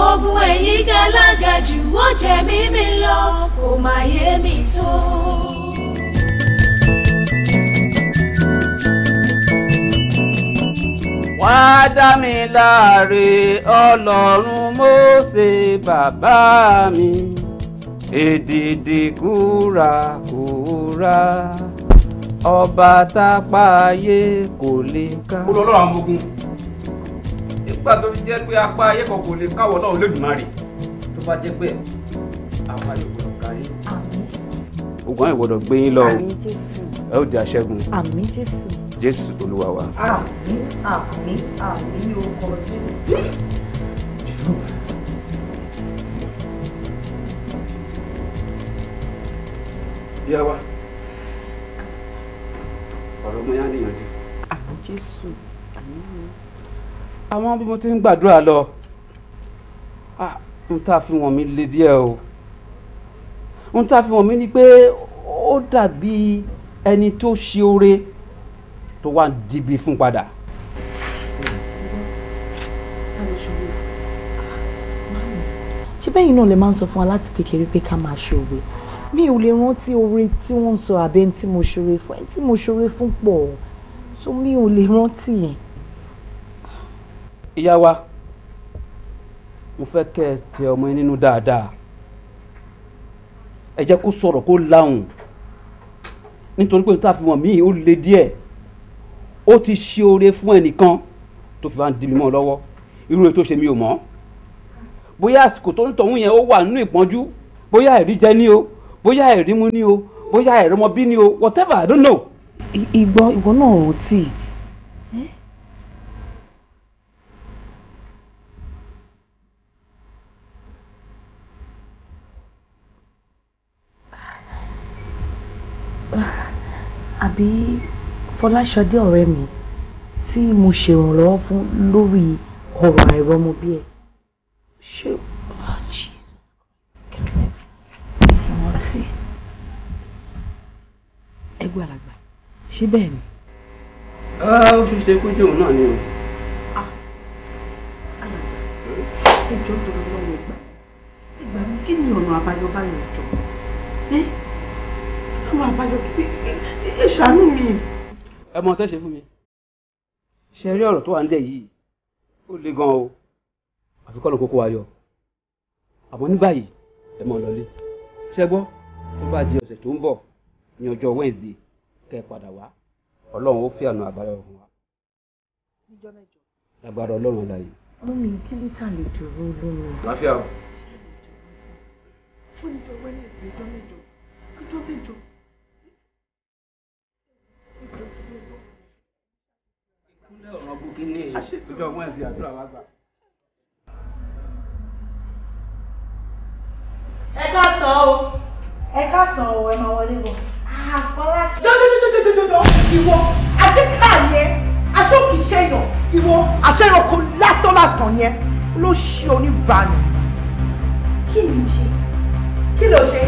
ogun èyí galaga jù ó jẹ mímí lọ kò má yé mi tó. wọ́n á dá mi láre ọlọ́run Mósè bàbá mi èdìdì kúrakúra ọba tápáyé kò lè ká. ó lọ lọ́rọ̀ àwọn ogun nígbà tó fi jẹ́ pé apá ayé kan kò lè káwọ́ náà Olódùmarè tó bá jẹ́ pé àwọn àyè gbọ́dọ̀ kárí. ogun àyè gbọ́dọ̀ gbé yín lọ ó di aṣẹ́gun. àmín Jésù jésù olúwa wa. àmín àmín àmín ní orúkọ jésù. yá wa ọ̀rọ̀ mọ́ yá níyànjú. àmín jésù àmín. àwọn bí mo ti ń gbàdúrà lọ n tá a fi wọ̀n mi le díẹ̀ o n tá a fi wọ̀n mi ni pé ó dàbí ẹni tó ṣe oore tó wà ń dibi fún padà. ṣé bẹ́yìn náà lè máa ń sọ fún wa láti kékeré pé ká máa ṣe òwe mi ò lè rántí oore tí wọ́n ń sọ àbẹ́ ẹni tí mo ṣoore fún ẹni tí mo ṣoore fún pọ̀ tó mi ò lè rántí yẹn. ìyá wa mo fẹ́ kẹ́ ẹ tẹ ọmọ yín nínú dáadáa ẹ jẹ́ kó sọ̀rọ̀ kó láhùn nítorí pé níta fi wọ̀n mí ò le díẹ̀ ó ti ṣe oore fún ẹnìkan tó fi wá ń di mi mọ́ lọ́wọ́ irú ètò ṣe mi ò mọ̀ bóyá àsìkò tó ń tọ̀hún yẹn ó wà nínú ìpọ́njú bóyá ẹ̀rí jẹ ní o bóyá ẹ̀rí mu ní o bóyá ẹ̀rí ọmọ bí ní o whatever I don't know. ìgbọ́ ìwọ náà ò tì í. àbí Fọláṣadé ọ̀rẹ́ mi tí mo ṣèrànlọ́wọ́ fún lórí ọ̀rọ̀ àìrọ́mọbí ẹ̀ ṣé ah, ẹgbẹ́ alàgbà ṣé bẹ́ẹ̀ ni. ó ṣe ṣe kó jẹun náà ni o. alàgbà ah, ẹ jọ lọ́wọ́ ìgbà ìgbà mi kí ni ọ̀nà àbáyọ báyọ̀ jọ ẹ ọ̀nà àbáyọ ẹ ṣàánú mi ẹ mọ tẹ́ ṣe fún mi ṣe rí ọ̀rọ̀ tó wà nílẹ̀ yìí ó le gan o àfi kọ́ ló kókó wa yọ àmọ́ ní báyìí ẹ mọ̀ lọ́lé ṣẹ́ gbọ́ tó bá di ọ̀sẹ̀ tó ń bọ̀ ní ọjọ́ Wednesday kẹ́ ẹ padà wá Ọlọ́run ó fi àná àbáyọ fún wa. níjọ́ mẹ́jọ. lágbára Ọlọ́run ọ̀la yìí. mọ́mí kí lítà lè dúró lóru. láfíà o. fún ìjọ Wednesday ọjọ́ mẹ́jọ ọjọ́ mẹ́jọ kúnlẹ̀ ọ̀rọ̀ bùkí ní ìjọ wẹ́ẹ̀sì àdúrà wa gbà. ẹ káàsán o ẹ káàsán o ẹ máa wọlé bọ̀. àfọlá jọjọjọjọjọjọ ìwọ àṣeká yẹn aṣọ kìí ṣe yàn ìwọ àṣẹ ìrọkọ lásán lásán yẹn ló ṣe oníbànú. kí ni mo ṣe kí ló ṣe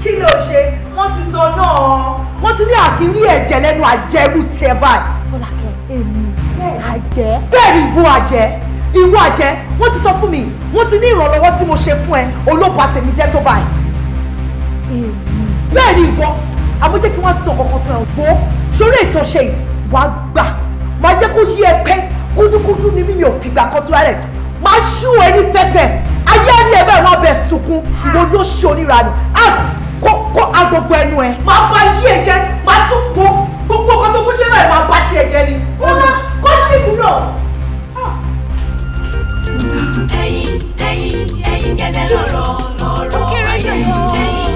kí ló ṣe wọ́n ti sọ náà wọ́n ti ní àkíní ẹ̀jẹ̀ lẹ́nu àjẹrú tiẹ̀ báyìí. fọlákẹ́ èmi àjẹ́. bẹ́ẹ̀ ni ìwọ àjẹ́ ìwọ àjẹ́ wọ́n ti sọ fún mi wọ́n ti ní ìrànlọ́wọ́ tí mo ṣe fún ẹ olóòpá tèmi jẹ́ tó báyìí. bẹ́ẹ̀ ni ìwọ àmójẹ́ kí wọ́n sọ kankan fún ẹ wo sórí ètò ṣe wàá gbà máa jẹ́ kó yí ẹ pé kúdúkúdú ni mímí ò fìgbà kan túra rẹ̀ máa ṣú ẹ ní pẹ́pẹ́ ayé rí ẹ bẹ́ẹ̀ máa bẹ̀ sunkún ìwọ ló ṣe oníranù kó agbogbo ẹnu ẹ máa bá yí ẹ jẹ máa tún po gbogbo ọkọ tó kújẹ́ náà máa bá tiẹ̀ jẹ ni kọ́lá kọ́ ṣìkú náà. ẹyin ẹyin ẹyin gẹ́gẹ́ lọ́rọ̀ lọ́rọ̀ ayé ẹyin ẹyin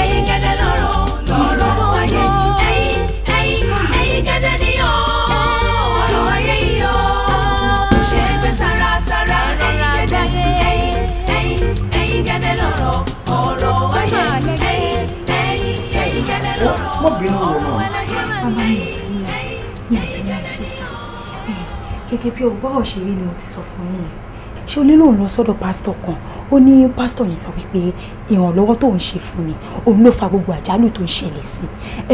ẹyin gẹ́gẹ́ lọ́rọ̀ lọ́rọ̀ ayé ẹyin ẹyin ẹyin gẹ́gẹ́ ni ọ̀rọ̀ ayé yìí ọ̀ ṣe é gbé taratara ẹyin gẹ́gẹ́ ẹyin ẹyin ẹyin gẹ́gẹ́ gẹ́gẹ́ bí ọgbọ́rọ̀ ṣe rí ni mo ti sọ fún yín ṣé o nílò ń lọ sọ́dọ̀ pásítọ̀ kan ó ní pásítọ̀ yẹn sọ wípé ìrànlọ́wọ́ tó ń ṣe fún mi òun ló fa gbogbo àjálù tó ń ṣẹlẹ̀ sí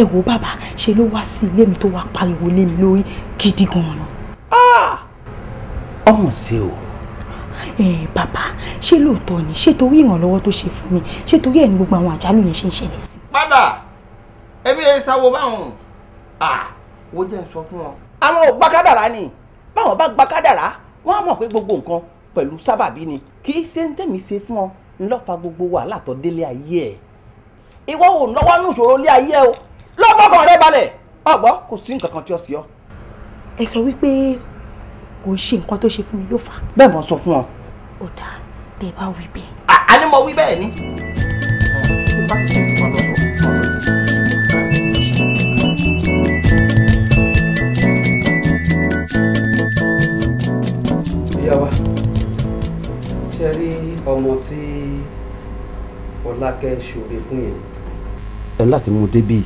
ẹ wo bàbá ṣe ló wá sí ilé mi tó wá pariwo lé mi lórí gidi gan-an. Ah! ọmọ sí o. bàbá ṣé lóòótọ́ ni ṣé torí ìrànlọ́wọ́ tó ṣe fún mi ṣé torí ẹ̀ ní gbogbo àwọn àjálù yẹn ṣe ń ṣẹlẹ̀ sí. padà ẹbí ẹ sáwọ báwọn ò ah! jẹ́ ń sọ fún wọn. àwọn ò gbá kádàrá ni báwọn bá gba kádàrá wọ́n á mọ̀ pé gbogbo nǹkan pẹ̀lú sábàbí ni kì í ṣe ń tẹ̀mí ṣe fún ọ ńlọ́fà gbogbo wàhálà tó délé ayé ẹ̀ ìwọ ò lọ́wọ́ ní ìṣòro ilé ayé o lọ́mọkàn rẹ balẹ̀ ọ̀gbọ́ kò sí nǹkan kan tí ó sì ọ. ẹ sọ wípé kò ṣe nǹkan tó ṣe fún mi ló fà. bẹ́ẹ̀ mo sọ fún ọ. ó dáa tẹ ẹ bá wí bẹ́ẹ̀. àní mo wí bẹ́ẹ̀ ni. bá ti ṣe ìwà lọ́sọ̀ọ́. ìyá wa ṣe rí ọmọ tí Fọlákẹ́ ṣòre fún yẹn. ẹ láti mú débí.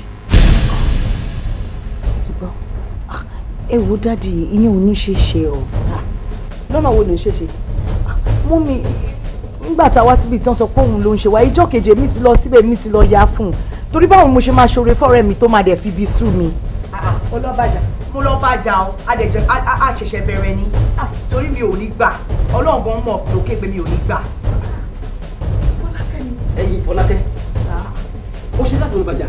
Ah, ẹ wo dáàdi ìyẹn ò ní ṣe ṣe ọ. lọ́nà wo ló ń ṣe ṣe. mú ah, mi nígbà tá a wá síbi ìtàn sọ pé òun ló ń ṣe wá ìjọ́ keje mi ti lọ síbẹ̀ mi ti lọ yá fún un torí báwo mo ṣe máa ṣòre fọ́rẹ́ mi tó máa dẹ̀ fi bí sú mi. Ah, ọlọ́bàjá mo lọ bá jà o àdẹ̀jọ àṣẹ̀ṣẹ̀ bẹ̀rẹ̀ ni ah, torí mi ò ní gbà ọlọ́run gan mọ̀ lókè pé mi ò ní gbà. ẹyin fọlákẹ́ ah. ó ṣe láti wọn bàjá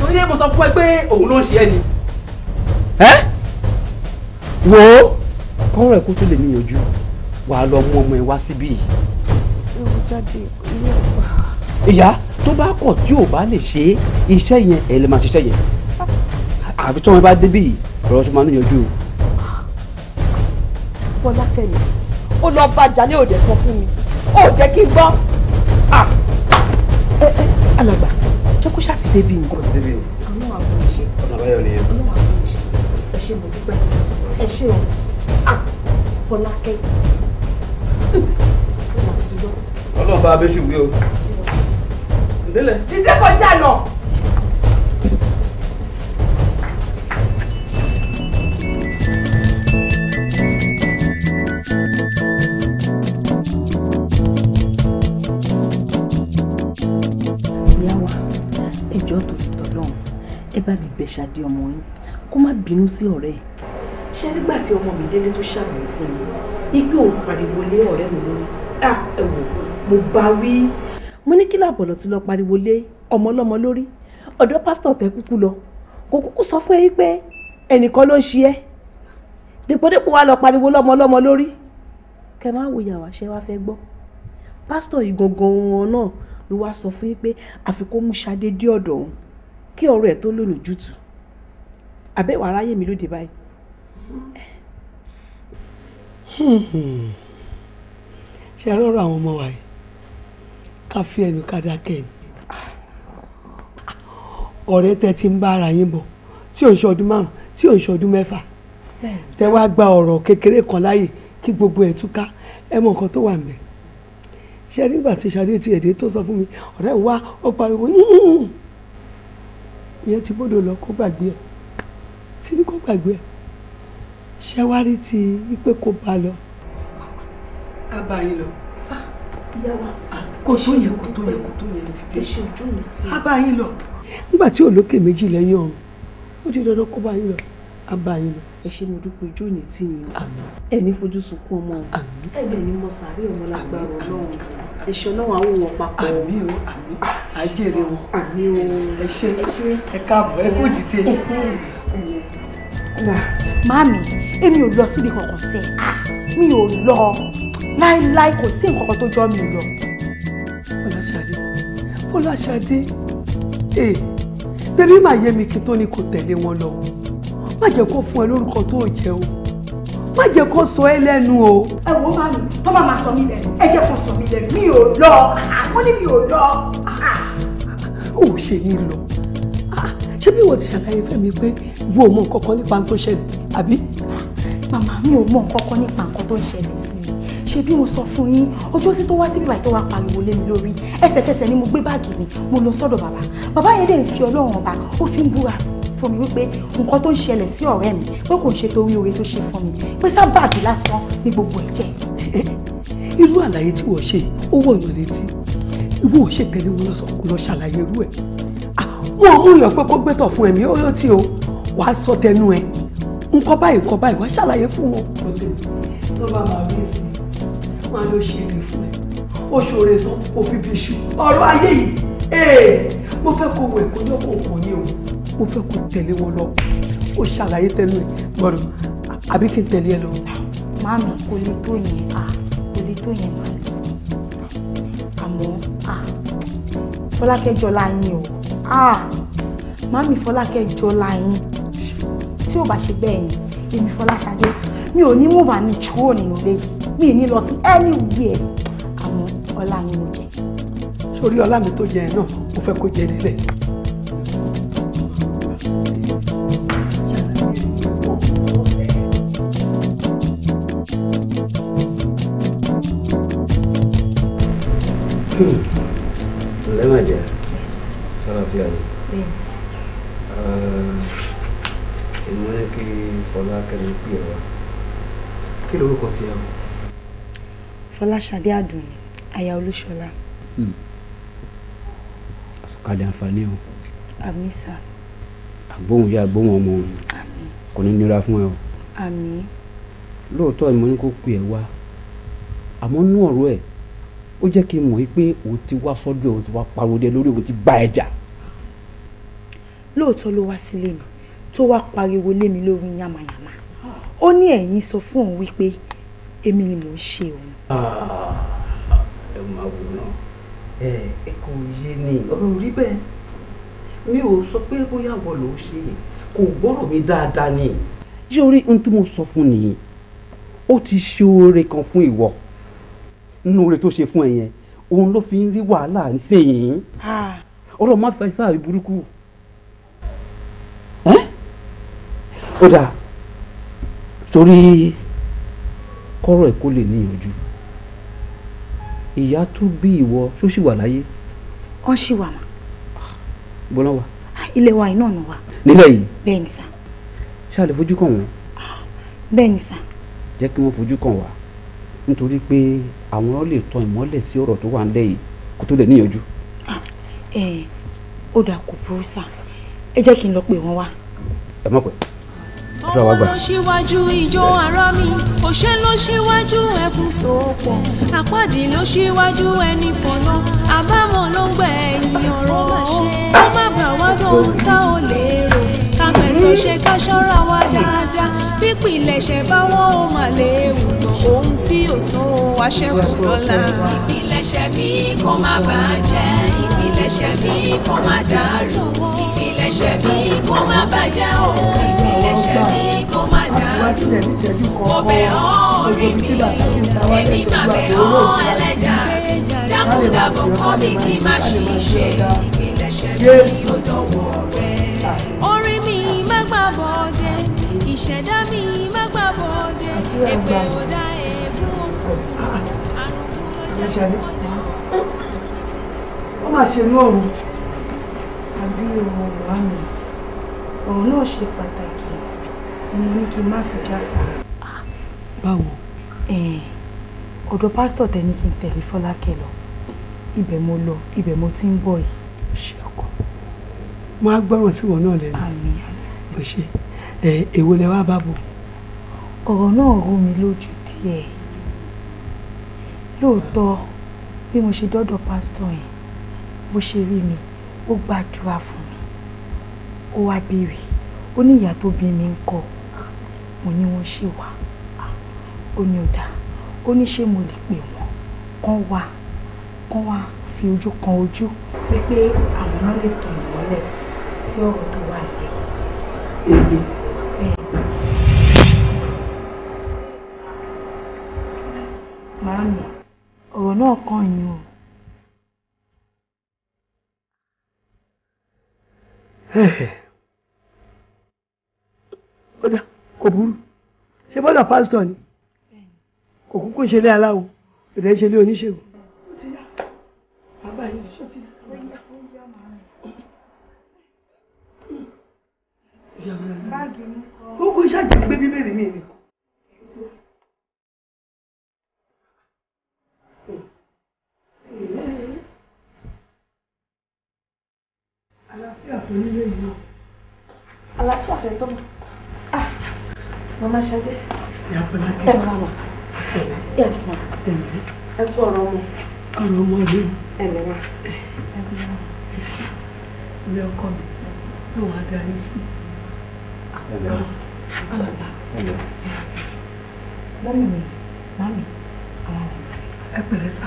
torí ẹ mo sọ fún ẹ pé òun ló ń ṣe ẹ ni. ẹ wo kọ́rọ̀ ẹ̀ kó tó lè ní ojú wàá lọ mú ọmọ ẹ wá síbí yìí. ewu jáde ilé ọ̀pá. ìyá tó bá kọ̀ tí ò bá lè ṣe iṣẹ́ yẹn ẹ̀ lè máa ṣiṣẹ́ yẹn. Ah àfi tí wọn bá débí yìí ọ̀rọ̀ ṣe máa ń yanjú o. fọlákẹ́mi ó lọ bá jalè òde sọ fún mi ó jẹ́ kí n gbọ́. ẹ ẹ alàgbà jẹ́ kó ṣáà ti débí nǹkan. kó ti débí yìí. àwọn àwọn ìṣe. ọ̀nà àbáyọ nìyẹn. àwọn àwọn ìṣe ẹ ṣe mo dúpẹ́ ẹ ṣe o fọlákẹ́. ọlọ́run bá abéṣù wí o. ìdílé. dídé kọjá lọ. ẹjọ́ torí tọ́lọ́run ẹ bá mi bẹ̀ ṣàdé ọmọ yín kó má bínú sí ọ̀rẹ́ ẹ̀. ṣé nígbà tí ọmọ mi délé tó ṣàbẹ̀wò fún mi igbó òun pariwo lé ọ̀rẹ́ mi lórí ẹ wò mo bá wí. mo ní kí làbọ̀ lọ ti lọ pariwo lé ọmọ ọlọ́mọ lórí ọ̀dọ̀ pásítọ̀ tẹ kúkú lọ kò kúkú sọ fún ẹ pé ẹnìkan ló ń ṣe ẹ́ dèpòdèpò wa lọ pariwo lọ́mọ ọlọ́mọ lórí kẹ má wo ìyàwó àṣẹ wa fẹ́ gbọ́ pásítọ̀ ìgangan náà ló wá sọ fún yín pé àfi kó mú Ṣadé dé ọ̀dọ̀ òun kí ọ̀rọ̀ ẹ̀ tó lónìí jùtù àbẹ̀wò aráyé mi ló dé báyìí. ṣe rọrùn àwọn ọmọ wa yìí ká fi ẹnu ká dákẹ́ ni ọ̀rẹ́ tẹ ti ń bá ara yín bọ̀ tí ò ń ṣọdún márùn tí ò ń ṣọdún mẹ́fà tẹ wá gba ọ̀rọ̀ kékeré kan láàyè kí gbogbo ẹ̀ túká ẹ mọ nǹkan tó wà ń bẹ̀ ṣe nígbà tí Ṣadé ti ẹ̀dẹ́ tó sọ fún mi ọ̀rẹ́ wa ó pariwo ìyẹn ti bọ́dọ̀ lọ kó gbàgbé ẹ̀ tí ní kó gbàgbé ẹ̀ ṣe wá rí ti ipe kó ba lọ. a bá yín lọ. Ah, ah, kò tó yẹ kò tó yẹ kò tó yẹ dídé a yín lọ. nígbà tí olókè méjì lẹ́yìn ọ̀run ó di dandan kó bá yín lọ abayín ẹ ṣe mo dúpẹ́ ojú òní tí yín ẹ ní fojú sunkún ọmọ ẹgbẹ́ ní mo sàárè ọmọ lágbára ọlọ́run ẹ ṣe ọlọ́run àwọn ah, wọn papọ̀ àmì o àmì àjèrè wọn àmì o ẹ ṣe ẹ káàbọ̀ ẹ kú dìde. Màmí, èmi ò lọ síbi kankan sẹ́, ah, mi ò lọ láíláí kò sí nǹkan kan tó jọ mi ò lọ. Fọláṣadé, Fọláṣadé, ee, eh, tèmi máa yé mi kí tó ní kò tẹ̀lé wọn lọ má jẹ́ kó fún ẹ lórúkọ tó jẹ́ o má jẹ́ kó sọ ẹ lẹ́nu o. ẹ wo máa mi tó bá máa sọ mí lẹ́nu ẹ jẹ́ kó sọ mí lẹ́nu mi ò lọ ah, mo ní mi ò lọ. Ah. ó ṣe ní lọ ah, ṣé bí wọ́n ti ṣàlàyé fẹ́mi pé wo mọ nǹkan kan nípa tó ṣẹlẹ̀ àbí. màmá mi ò mọ nǹkan kan nípa nǹkan tó ń ṣẹlẹ̀ sí mi ṣe bí mo sọ fún yín ọjọ́ sí tó wá síbi báyìí tó wá pariwo lé mi lórí ẹsẹ̀kẹsẹ̀ ni mo gbé báàgì mi mo lọ sọ́dọ̀ bàbá bàbá yẹn dẹ̀ ń fi ọlọ́run ọba ó fi ń búra fún mi wípé nǹkan tó ń ṣẹlẹ̀ sí ọ̀rẹ́ mi pé kò ń ṣe torí oore tó ṣe fún mi pé sábàbí lásán ní gbogbo ẹ̀ jẹ́. [LAUGHS] irú àlàyé tí wọ́n ṣe ó wọ̀ yàn létí ìwọ ò ṣe wọn lọ ṣàlàyé irú ẹ̀ ah, wọn ò mú yàn pé kó gbẹ́tọ̀ fún ẹ̀mí ó tí o wàá sọ tẹnu ẹ̀ nǹkan báyìí nǹkan báyìí wàá ṣàlàyé fún wọn. tó bá máa rí èsì wọn á ṣe èrè mo fẹ́ kó tẹ̀lé wọn lọ ó ṣàlàyé tẹnu ẹ̀ gbọ́dọ̀ àbí kí n tẹ̀lé ẹ lọ. màmí kò lè tó yẹn kò lè tó yẹn màmí àmọ́ fọlákẹ́jọ́ la yín o màmí fọlákẹ́jọ́ la yín tí ò bá ṣe bẹ́ẹ̀ ni èmi fọláṣadé mi ò ní move and kúrò nínú ilé yìí mi ì ní lọ sí anywhere àmọ́ ọlá yín mo jẹ. sórí ọlá mi tó jẹ náà mo fẹ́ kó jẹ nílẹ̀. Fọlákẹ́mi pè wá. Kí lorúkọ ti ẹ? Fọláṣadé Àdùnní, aya Olúṣọlá. Hmm. Àsọ̀kalẹ̀ àǹfààní o. Àmín sà. Àgbóhùn yá àgbóhùn ọmọ òun. Àmín. Kò ní nira fún ẹ o. Àmín. Lóòótọ́ ni mo ní kó pè ẹ́ wá. Àmọ́ nú ọ̀rọ̀ ẹ̀, ó jẹ́ kí n mọ̀ pé òun ti wá sọ́dọ̀ ẹ̀, òun ti wá pariwo dé lórí òun ti bá ẹ jà. Lóòótọ́ ló wá sílé mi tó wá pariwo lé mi lórí yàmàyàmà ó ní ẹ̀yin sọ fún òun wípé èmi ni mò ń ṣe òun. Ah, ẹ máa wò ná ẹ kò yé ni ọ̀rọ̀ rí bẹ́ẹ̀ mi ò sọ pé bóyá wọ́n ló ṣe kò gbọ́rọ̀ mi dáadáa ni. yóò rí ohun tí mo sọ fún nìyí ó ti ṣe oore kan fún ìwọ nínú oore tó ṣe fún ẹ yẹn òun ló fi ń rí wàhálà nísìnyìí ah. ọlọ́run má fẹ́ sáà ó dáa torí kọ́rọ̀ ẹ̀ kó lè níyànjú ìyá tó bí ìwọ ṣó sì wà láyé. wọ́n ṣì wà mà. bọ́lá wa. ilé wa iná ọ̀nà wa. nílẹ̀ yìí. bẹ́ẹ̀ ni sà. ṣáà lè fojú kàn wọ́n. Ah, bẹ́ẹ̀ ni sà. jẹ́ kí wọ́n fojú kàn wá nítorí pé àwọn lè tan ìmọ́lẹ̀ sí ọ̀rọ̀ tó wà nílẹ̀ yìí kó tó lè níyànjú. Ah, eh, ó dà kó burú sà ẹ jẹ́ kí n lọ pè wọ́n wá. ẹ má pẹ́ owó ló ṣíwájú ìjó ara mi òṣè ló ṣíwájú ẹkún tó pọ̀ àpáàdì ló ṣíwájú ẹni fọ̀nà àbámọ̀ ló ń gbẹ̀yìn ọ̀rọ̀ ó má bà wá lóhun tá ò lè rò ká fẹ̀sọ̀ ṣe ká ṣọ́ra wa dáadáa pípìlẹ̀ṣẹ̀ báwọn ò mà léwu yóò tó wá ṣẹ́kù dọ́là. ìpilẹ̀ṣẹ̀ bí kò má bàjẹ́ ìpilẹ̀ṣẹ̀ bí kò má dàrú ìpilẹ̀ṣẹ̀ bí kò má bàjẹ́ o ìpilẹ̀ṣẹ̀ bí kò má dàrú. mo bẹ̀ ọ́ orí mi èmi máa bẹ̀ ọ́ ẹlẹ́dà dákúndàbọ̀ kọ́ mi kí má ṣìṣe ìpilẹ̀ṣẹ̀ bí ó dọ̀wọ́ rẹ̀. orí mi má gbàgbọ́ dé ìṣẹ̀dá mi má gbàgbọ́ dé èpè ò dá ẹ̀. Ah, ah. ṣẹlẹ̀ ó mà ṣe ní ọ̀run àbí ọ̀rọ̀ ọ̀rọ̀ àmì ọ̀rọ̀ náà ṣe pàtàkì ẹni ní kí n má fi jáfa. Ah, báwo. ọ̀dọ̀ pásítọ̀ tẹ ní kí n tẹ̀lé fọlákẹ́ lọ ibẹ̀ mo lọ ibẹ̀ mo ti ń bọ̀ yìí. ṣe ọkọ máa gbọ́ràn sí wọn náà lẹ́nu. àmín àmín. bó ṣe lẹ wá bá bò. ọ̀rọ̀ náà rú mi lójú díẹ̀ lóòótọ́ bí mo ṣe dọ́dọ̀ pásítọ̀ yẹn bó ṣe rí mi ó gbàdúrà fún mi ó wá béèrè ó ní ìyá tó bí mi ń kọ mo ní wọ́n ṣì wà ó ní ó ó ní ṣé mo lè pè wọ́n kán wá kán wá fi ojú kan ojú wípé àwọn náà lè tàn ìmọ́lẹ̀ sí ọ̀rọ̀ tó wà lẹ́yìn. ọ̀rọ̀ náà kàn yín o. ọ̀dà kò burú ṣé bọ́dà pásítọ̀ ni kò kúkú ṣe ilé aláwo ìrẹ́ ṣe ilé oníṣègùn. ó kó iṣẹ́ àjẹgbé bíbélì mi ni. yàtọ̀ nílé yìí o. àlàáfíà fẹ́ tó mọ̀. mama ṣadé. yàtọ̀ lákẹ́. ẹ máa ma. yes ma. ẹ tún ọ̀rọ̀ ọmọ. ọ̀rọ̀ ọmọ mi. ẹ lè ma. ilé ọkọ mi ló wà dá yín sí. ẹ lè ma. Ah, alàgbà. ẹ lè ma. mọ́mí mi mọ́mí àwọn ọmọ mi. ẹ pẹ̀lẹ́ sá.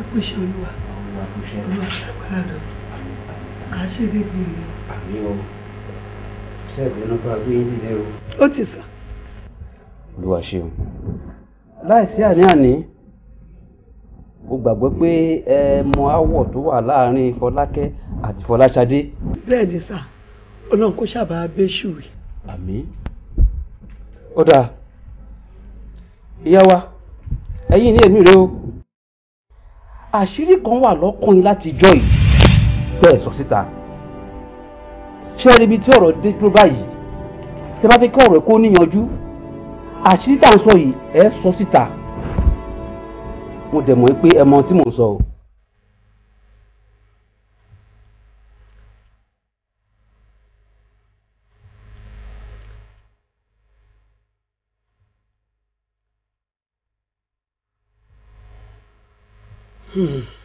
ẹ kú iṣẹ́ olúwa. olúwa kú iṣẹ́. olúwa ṣàgbára dọ̀tún àṣírí bí i. àmì o ṣẹ́gun náà bá gbé yín dìde o. ó ti sà. olúwa ṣeun láìsí àní-àní mo gbàgbọ́ pé ẹ mọ àwọ̀ tó wà láàrin fọlákẹ́ àti fọláṣadé. bẹ́ẹ̀ ni sà ọlọ́run kò ṣàbà bẹ́ṣù. àmì ó dáa ìyá wa ẹ̀yin ní èmi rèé o àṣírí kan wà lọ́kàn yín láti jọ́ yìí tẹ́ ẹ̀ sọ síta ṣé ẹ ríbi tí ọ̀rọ̀ dé dúró báyìí tẹ́ bá fi kí ọ̀rọ̀ kó níyanjú àṣírí tá à ń sọ yìí ẹ sọ síta mo dẹ̀ mọ̀ pé ẹ mọ tí mò ń sọ o. Hmm.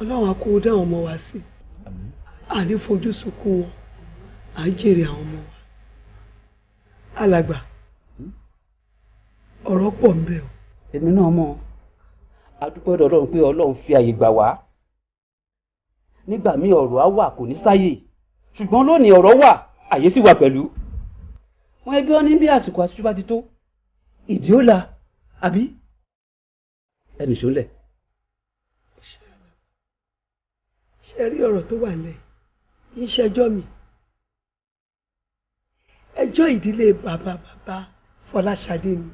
ọlọ́run á kó dá àwọn ọmọ wa sí à ní fojú sunkún wọn à ń jèrè àwọn ọmọ wa alàgbà hmm? ọ̀rọ̀ pọ̀ ń bẹ o. èmi náà mọ̀ adúpẹ́ ọlọ́run pé ọlọ́run fi àyè gbà wá nígbà míì ọ̀rọ̀ á wà kò ní sáyè ṣùgbọ́n lónìí ọ̀rọ̀ wà àyè sì wà pẹ̀lú. wọn ẹbí ọ ní bí àsìkò àtúntò bá ti tó ìdí ó la àbí ẹnì ṣó ṣe rí ọ̀rọ̀ tó wà lẹ̀ kì í ṣẹjọ́ mi ẹjọ́ ìdílé bàbá bàbá Fọláṣadé ni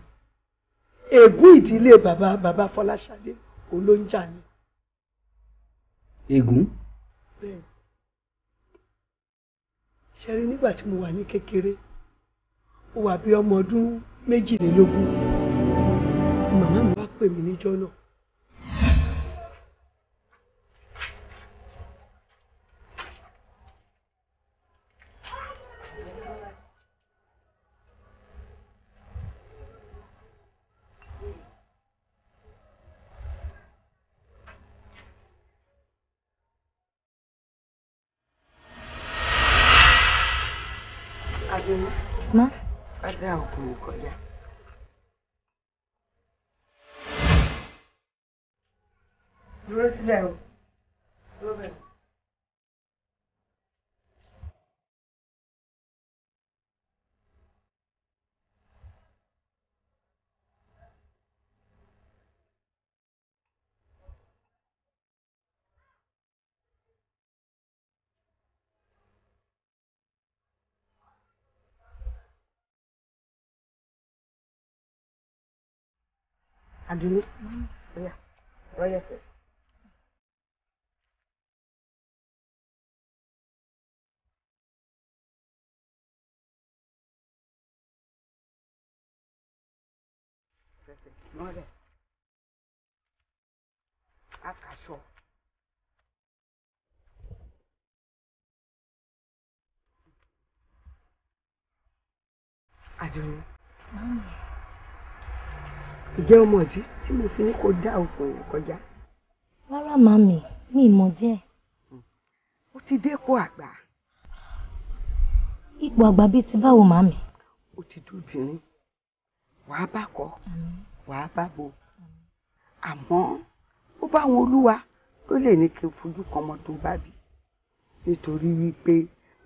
ègún ìdílé bàbá bàbá Fọláṣadé olóńjà ni. ègún. bẹ́ẹ̀ ṣe rí nígbà tí mo wà ní kékeré mo wà bí ọmọ ọdún méjìlélógún màmá mi wá pè mí níjọ́ náà mi kọjá. dúró síbẹ̀ o dúró bẹ̀rẹ̀. Àdùnní bóyá rọ́yẹ̀ fẹ́. mọ́lẹ̀ akàṣọ. Àdùnní ìjẹ́ ọmọ ìdí tí mo fi ní kó dá okùn yẹn kọjá. rárá màmí ní ìmọ̀ díẹ̀. ó ti dépò àgbà. ipò àgbà bíi ti báwo màmí. ó ti dóbìnrin wàá bá kọ wàá bá bo àmọ́ ó bá wọn olúwa ló lè ní kí n fojú kan ọmọ tó bá bí nítorí wípé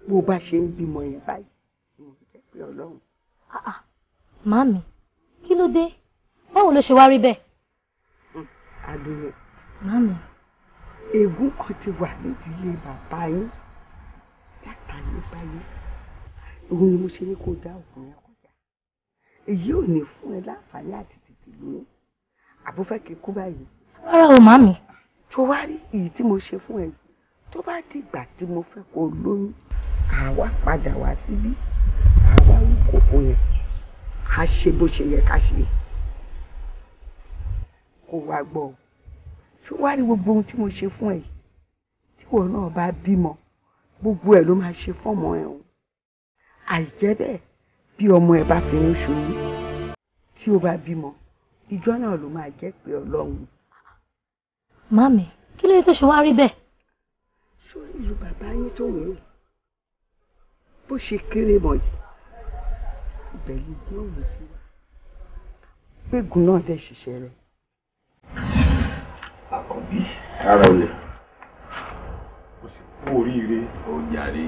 bó bá ṣe ń bímọ yẹn báyìí ni mo jẹ́ pé ọlọ́run. Ah, ah, màmí kí ló dé báwo ló ṣe wá rí bẹ́ẹ̀. àdúrà hmm, mami ègún kan ti wà nídìílé bàbá yín látàyè báyé òun ni mo ṣe ní kó dá òkun yẹn kọjá èyí ò ní fún ẹ láǹfààní àti tètè lóyún àbúfẹ́ kí kú báyìí. rárá o màmí. tó wá rí èyí tí mo ṣe fún ẹ tó bá di ìgbà tí mo fẹ́ kó lóyún àwa padà wá síbí àwa ń kókó yẹn a ṣe bó ṣe yẹ ká ṣe kó wá gbọ́ ọ ṣó wá rí gbogbo ohun tí mo ṣe fún ẹ tí wọn náà bá bímọ gbogbo ẹ ló máa ṣe fọmọ ẹ o àìjẹ́ bẹ́ẹ̀ bí ọmọ ẹ bá fi ránṣọ yìí tí ó bá bímọ ìjọ náà ló máa jẹ́ pé Ọlọ́run. màmí kí ló dé tó ṣe wá rí bẹ́ẹ̀. sórí ìlú bàbá yín tó wù ú bó ṣe kéré mọ yìí ìbẹ̀lú gbọ́n òun ti wá gbégun náà dẹ̀ ṣiṣẹ́ rẹ̀ àkànbí ara olè o sì kú oríire ó jàre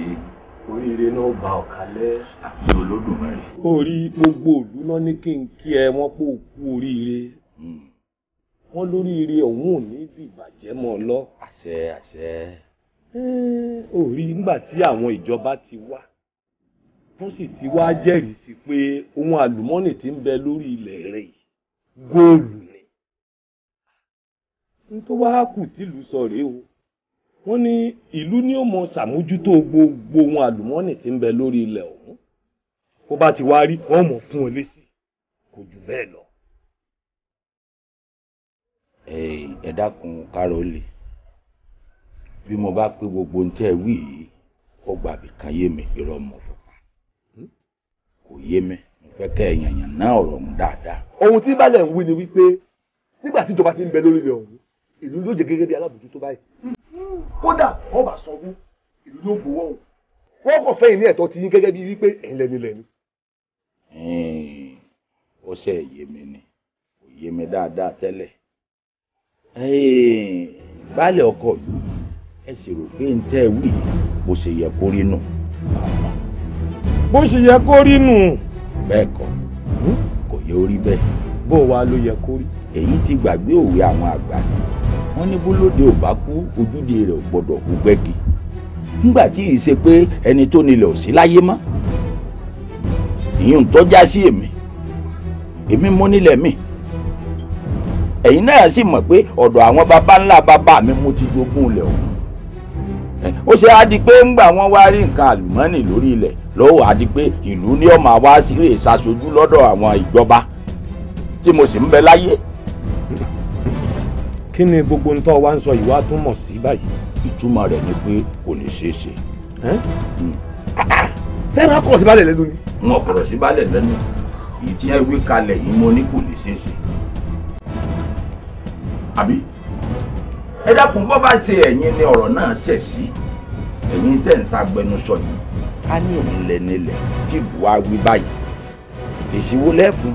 oríire náà bá ọ̀kálẹ́ àti olódùmarè. orí gbogbo ìlú náà ní kí n kí ẹ wọ́n pò kú oríire hmm. wọ́n lóríire ọ̀hún ò ní dìbàjẹ́ mọ́ ọ lọ. àṣẹ àṣẹ. orí nígbà tí àwọn ìjọba ti wá wọ́n sì ti wá jẹ́rìí sí pé ohun àlùmọ́nì tí ń bẹ lórí ilẹ̀ rẹ̀ yìí góòlù ni ní tó wá kù tìlú sọ rèé o wọ́n ní ìlú ní ó mọ ṣàmójútó gbogbo ohun àlùmọ́ọ́nì tí ń bẹ lórí ilẹ̀ ọ̀hún kó bá ti wá rí wọ́n mọ̀ fún ọ lésì kò jù bẹ́ẹ̀ lọ. ẹ dákun káró lè bí mo bá pé gbogbo ohun tẹ́ ẹ wí yìí kó gba àbìkan yé mi irọ́ mọ̀ fún un kò yé mi mo fẹ́ kẹ́ ẹ̀yàn yàn náà ọ̀rọ̀ ọ̀hún dáadáa. ohun tí balẹ̀ ń wí ni wípé nígbà tíjọba ti ń bẹ lórí ilẹ̀ ọ̀hún ìlú yóò jẹ gẹ́gẹ́ bí alábòjútó báyìí kódà wọn bá sọ fún ìlú yóò gbowó o wọn kò fẹ́ ìní ẹ̀tọ́ ti yín gẹ́gẹ́ bí wípé ẹ̀yin lẹni lẹni. ó ṣe èyí mi ni kò yé mi dáadáa tẹ́lẹ̀ baálé ọkọ mi ẹ sì rò pé n tẹ́ wí bó ṣe yẹ kó rí nù bàbá. bó ṣe yẹ kó rí nù. bẹ́ẹ̀ kọ́ hmm? kò yẹ orí bẹ́ẹ̀. bó wa ló yẹ kó rí. èyí ti gbàgbé òwe àwọn àgbà ni. wọ́n ní bólóde ò bá kú ojúde rẹ̀ ò gbọ́dọ̀ kú gbẹ́gi nígbà tí ì ṣe pé ẹni tó nílẹ̀ ò sí láyé mọ́ ìyún tó já sí èmi èmi mú nílẹ̀ mi ẹ̀yin náà sì mọ̀ pé ọ̀dọ̀ àwọn baba ńlá baba mi mo ti jogún ilẹ̀ ọ̀hún ó ṣe á di pé ńgbà wọ́n wá rí nǹkan àlùmọ́nì lórí ilẹ̀ lọ́wọ́ á pé ìlú ní ọmọ àwa sì rè ṣàṣojú lọ́dọ̀ àwọn ìjọba tí mo sì ń bẹ láyé kí ni gbogbo ń tọ́ wa ń sọ ìwà tún mọ̀ sí báyìí. ìtumọ̀ rẹ̀ ni pé kò lè ṣeé ṣe. sẹ́yìn hmm. máa kọ̀ sí balẹ̀ lẹ́nu ni. n ò kọ̀rọ̀ sí balẹ̀ lẹ́nu èyí tí ẹ wí kalẹ̀ yìí mo ní kò lè ṣeé ṣe. àbí ẹ dákun bọ́ bá ṣe ẹ̀yin ni ọ̀rọ̀ náà ṣẹ̀ sí ẹ̀yin tẹ̀ ń ṣàgbẹnusọ yìí ká ní òun lẹ nílẹ̀ tí wí báyìí èsì wo lẹ́fun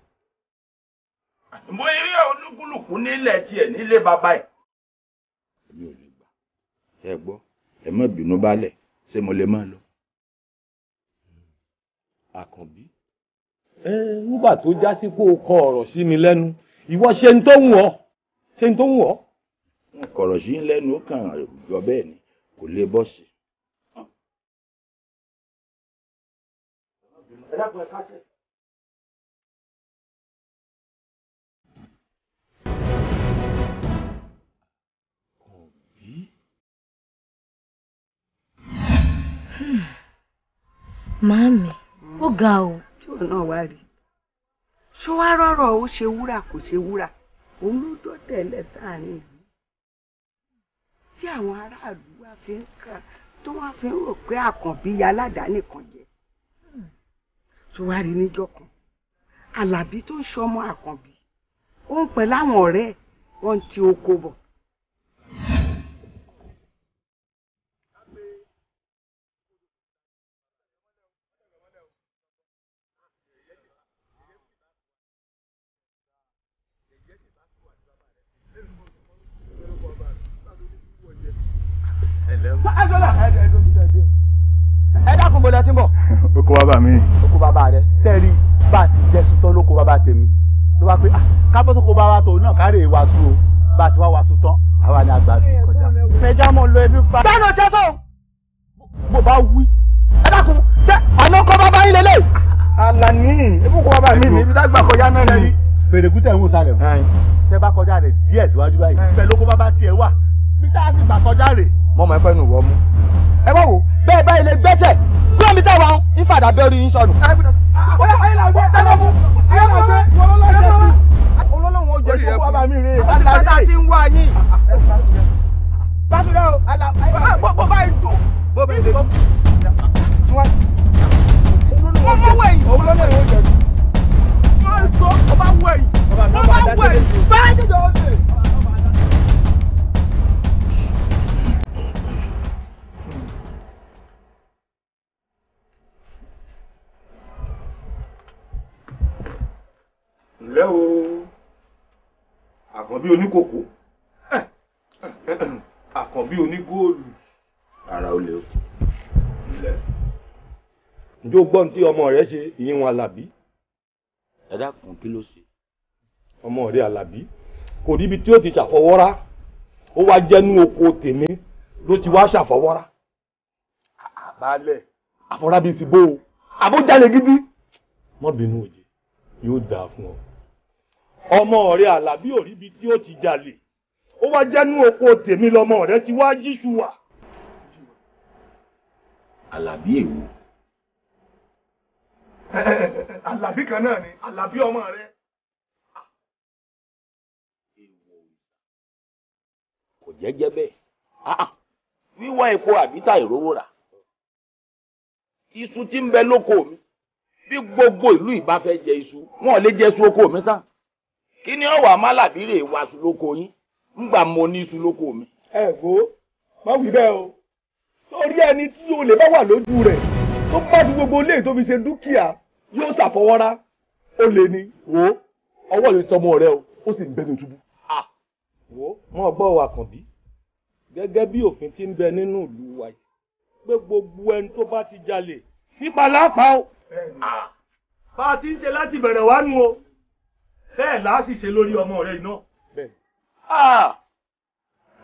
mo eré e olúkúlùkù nílẹ̀ tiẹ̀ nílé bàbá ẹ̀. èmi ò lè gbà ṣe é gbọ́ ẹ má bínú balẹ̀ ṣé mo lè máa lọ. àkànbí nígbà tó já sí pé o kọ ọ̀rọ̀ sí mi lẹ́nu ìwọ ṣe ń tó wù ọ́ ṣe ń tó wù ọ́. kọ̀rọ̀ sí lẹ́nu ó kàn jọ bẹ́ẹ̀ ni kò lè bọ́ sí. ẹ dákun ẹ káṣẹ́. [SIGHS] Màámi, ó ga o. Tíwọ̀ náà wá rí. Ṣó wá rọ́rọ̀ ó ṣe wúrà kò ṣe wúrà. Òun ló dọ́tẹ̀ lẹ̀ sáàrin ìlú. Tí àwọn aráàlú wá fi ń kà tó wá fi ń rò pé àkànbí aládàáni kan jẹ. Ṣó wá rí níjọ́ kan. Àlàbí tó ń ṣọmọ àkànbí. Ó ń pẹ̀ láwọn ọ̀rẹ́ ẹ̀ wọ́n ti oko bọ̀. ẹ dákun bọ́lá tí ń bọ̀. oko bàbá mi. oko bàbá rẹ sẹ́ẹ̀rì bá a ti jẹ́sùn tán lóko bàbá tèmi ló wá pé kábọ́sọ́kọ bá wa tó náà kárè wàásù o bá a ti wá wàásù tán àwa ni àgbà kọjá. mẹjá mo lo ebi pa. bẹ́ẹ̀ ni o ṣe sọ bó bá wí. ẹ dákun ṣé àná kọ́ bàbá yín lélẹ̀. Alani ebúkọ bàbá mi ni ibi tá gbà kọjá náà ni. fèrèkú ń wò sálẹ̀ o. tẹ bá kọjá rẹ̀ díẹ̀ síwájú báyìí pẹ̀lú oko bàbá tiẹ̀ wà bí tá a sì gbà kọjá rẹ̀ mọ́ ọmọ ẹ̀fọ́ inú wọ́ mú. ẹ bá wo bẹ́ẹ̀ báyìí lè gbẹ́sẹ̀ kúrò mi táwa ń ìfàdà bẹ́ẹ̀ rí yín sọnù. olólùwọ̀n ojú ẹ̀sùn kó bàbá mi rè é. ti ń wá yín. bàtúrà o. bó bá yín dùn. bó bá yín dùn. wọ́n mọ̀ wẹ̀yìn. olólùwọ̀n ojú ẹ̀sùn. wọ́n sọ ọba wẹ̀yìn. ọba wẹ̀yìn. báyìí dìde ọ̀dẹ̀. ǹlẹ́ o àkànbí oníkòkó àkànbí onígóòlù ara ó lè o ǹlẹ́. ǹjẹ́ o gbọ́n tí ọmọ rẹ ṣe ìyẹn wọn alábí. ẹ dákun kí ló ṣe. ọmọ rẹ alábí kò ríbi tí ó ti ṣàfọwọ́rá ó wá jẹ́nu oko tèmi ló ti wá ṣàfọwọ́rá. àbálẹ̀ àfọlábí ti bó o àbójalè gidi. mọ́ bínú òye yóò dáa fún ọ ọmọ ọ̀rẹ́ àlàbí òríbi tí ó ti jalè ó wá jẹ́nu oko tèmi lọmọ ọ̀rẹ́ ti wá jíṣu wà. àlàbí èwo. àlàbí kan náà ni àlàbí ọmọ rẹ. kò jẹ́jẹ́ bẹ́ẹ̀ ah, ah. wíwá epo àbítà ìrówó rà iṣu tí ń bẹ lóko mi bí gbogbo ìlú ìbá fẹ́ jẹ iṣu wọn ò lè jẹ iṣu oko mi tán kí ni ọwà málàbírè wa suloko yín ngbà mo ní suloko mi. ẹ wo má wí bẹ́ẹ̀ o torí ẹni tí olè bá wà lójú rẹ̀ tó bá ti gbogbo ilé tó fi ṣe dúkìá yóò ṣàfọwọ́rá olè ni wo ọwọ́ yóò tọmọ rẹ o ó sì ń bẹ ní túbú. wo mo gbọ́ wa kàn bí gẹ́gẹ́ bí òfin ti ń bẹ nínú ìlú wa yìí pé gbogbo ẹni tó bá ti jalè nípa lápá o bá a ti ń ṣe láti bẹ̀rẹ̀ wá nu o bẹ́ẹ̀ là á sì ṣe lórí ọmọ rẹ iná. Ah!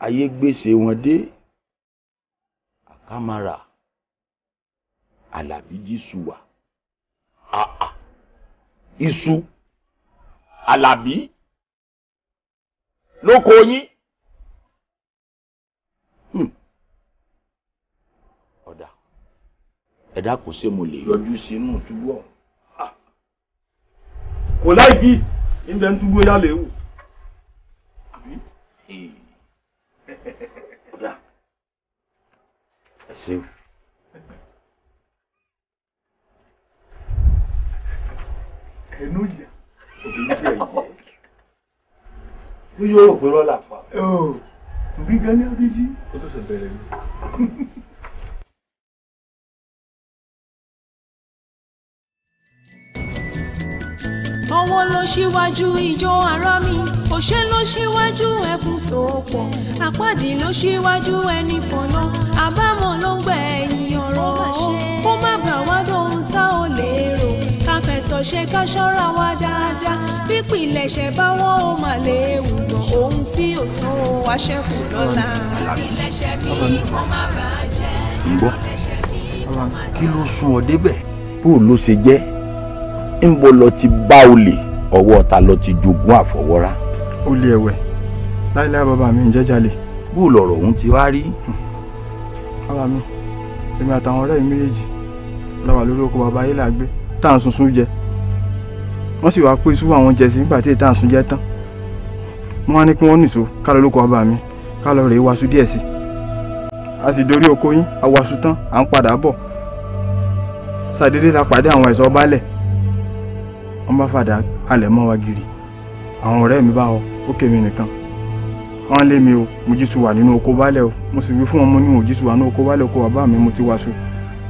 ayé gbèsè wọn dé àkàmàrà alábí jísù wà àà ah, ah. iṣu alábí lóko yín. Hmm. ọ̀dà ẹ̀dá kò ṣe mo lè yọjú sínú túbú ọ̀hún. kò láì fi ǹjẹ́ ń túgbó yá léwu. kódà ẹ ṣeun. ẹnu yà obìnrin jẹ ìyẹ ó yóò rò pé rọ́lá pa. torí gan ni abíjí ó ṣẹ̀ṣẹ̀ bẹ̀rẹ̀ ni. [LAUGHS] owó ló ṣíwájú ìjó ara mi òṣè ló ṣíwájú ẹkún tó pọ̀ àpáàdì ló ṣíwájú ẹni fọ̀nà àbámọ̀ ló ń gbẹ ẹ̀yìn ọ̀rọ̀ kó má bà wá lóhun tá ò lérò ká fẹ̀sọ̀ ṣe ká ṣọ́ra wa dáadáa pípìlẹ̀ ṣẹ̀ bá wọ́n ó mà léwu gan ohun tí ò tó wá ṣẹ́kù lọ́la. ìpìlẹ̀ kí ló sún ọ débẹ̀ bó ló ṣe jẹ́ ńbo lọ ti bá olè ọwọ́ ta lọ ti jogún àfọwọ́rá. olè ẹ̀wẹ̀ láìláì bàbá mi ń jẹ́jàlè. bó lọ̀rọ̀ òun ti wá rí. bàbá mi èmi àtàwọn ọ̀rẹ́ mi méjèèjì la wà lórí oko bàbá ayélà gbé tá à ń sunsun jẹ wọ́n sì wáá pé iṣu àwọn jẹ sí nígbà tí ètò à ń sun jẹ tán wọ́n á ní kí wọ́n nìṣó ká lọ lóko bàbá mi ká lọ rèé waṣu díẹ̀ sí i a sì dorí oko yín a waṣu tán à ń padà bọ̀ ṣàdédé la pàdé àwọn ẹ̀ṣọ́ baálẹ̀ wọ́n bá fàdá halẹ̀ mọ́ wa gírì àwọn ọ̀rẹ́ mi bá họ ó kèmí nìkan wọ́n lé mi o mo jísù wà nínú oko bálẹ̀ o mo sì wí fún wọn mo ní mo jísù wà nínú oko bálẹ̀ oko bàbá mi mo ti wàásù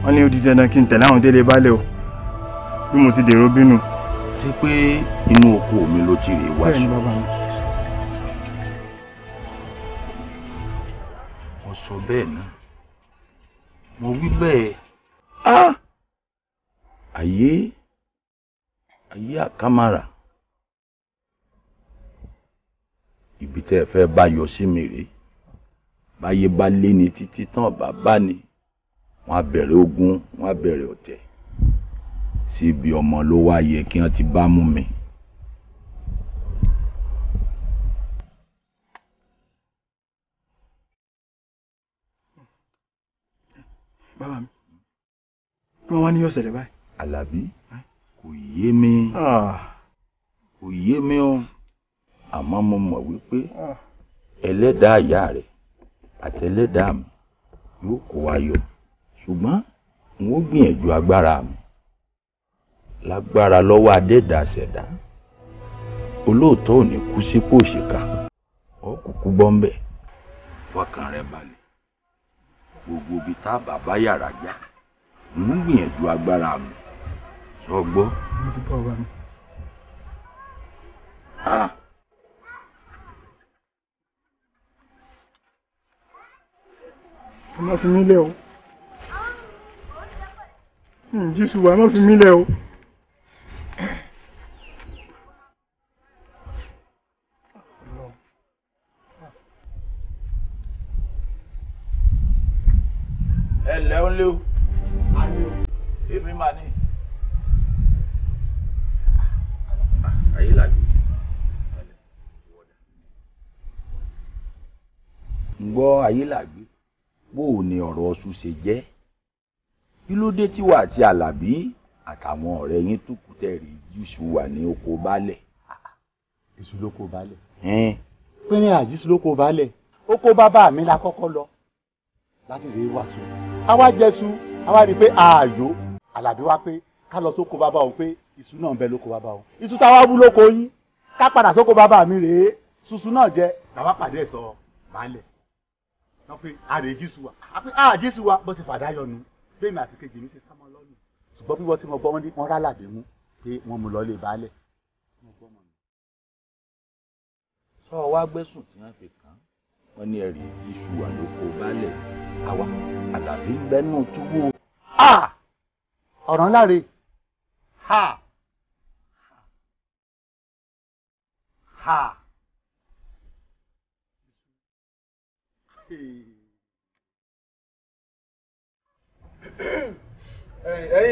wọ́n ní ó di dandan kí n tẹ̀lé àwọn délé bálẹ̀ o bí mo ti dèrò bínú. ṣé pé inú oko mi ló ti rè wàásù. bẹ́ẹ̀ mo sọ bẹ́ẹ̀ náà mo wí bẹ́ẹ̀. Ah! ayé. Ah! àyà kámárà ibi tẹ́ ẹ fẹ́ bá yọ sí mi rèé báyé bá lé ní títí tán bàbá ni wọn á bẹ̀rẹ̀ ogun wọn á bẹ̀rẹ̀ ọ̀tẹ̀ síbi ọmọ ló wá yẹ kí wọ́n ti bá mú mi. bàbá mi wọ́n wá ní yóò ṣẹlẹ̀ báyìí. Àlàbí kò yé mi ah. kò yé mi o àmọ́ mo mọ̀ wípé ah. ẹlẹ́dàá ìyá rẹ̀ àtẹlẹ́dàá mi yóò kó wa yọ ṣùgbọ́n n ó gbìyànjú agbára mi lágbára lọ́wọ́ adẹ́dàá ṣẹ̀dá olóòótọ́ ò ní kú sípò òṣìkà ọkùnkùn bọ́ńbẹ́ fọkàn rẹ balẹ̀ gbogbo ibi tá bàbá yàrá já ń gbìyànjú agbára mi ọgbọ́. mo ti bá ọba mi. ẹ má fi mí lẹ̀ o hmm, jésù wa ẹ má fi mí lẹ̀ o. tútù ṣe jẹ́ kí ló dé tíwà àti alábí àtàwọn ọ̀rẹ́ yín tó kù tẹ̀rí jùṣù wà ní oko baálẹ̀. èṣù ló kó baálẹ̀. pínrín àjíṣù ló kó baálẹ̀ oko bàbá mi la kọ́kọ́ lọ láti rèé wàásù àwa jẹ́sù àwa rí i pé ààyò alábí wá pé ká lọ sóko bàbá òun pé iṣu náà ń bẹ lóko bàbá òun iṣu táwa wú lóko yín ká padà sóko bàbá mi rèé ṣuṣu náà jẹ làwa pàdé ẹ̀ sọ baálẹ̀ wọ́n pe àrè jésù wa àpè àà jésù wa bó ṣe fàdáyọ̀ nu bẹ́ẹ̀ni àti kejì mi ṣe sá mọ́ lọ́nù ṣùgbọ́n bí wọ́n ti mọ gbọ́ wọn ní wọ́n rálàdé mú pé wọ́n mú lọ́lé baálẹ̀ tí wọ́n gbọ́ mọ̀ nù. sọ wá gbẹ́sùn tí wọ́n fi kàn án wọ́n ní ẹ̀rì jésù wa ló kó baálẹ̀ àwa àlàbí ń bẹ́nu túwó. ọ̀ràn láre ha ha ha. ẹ̀yin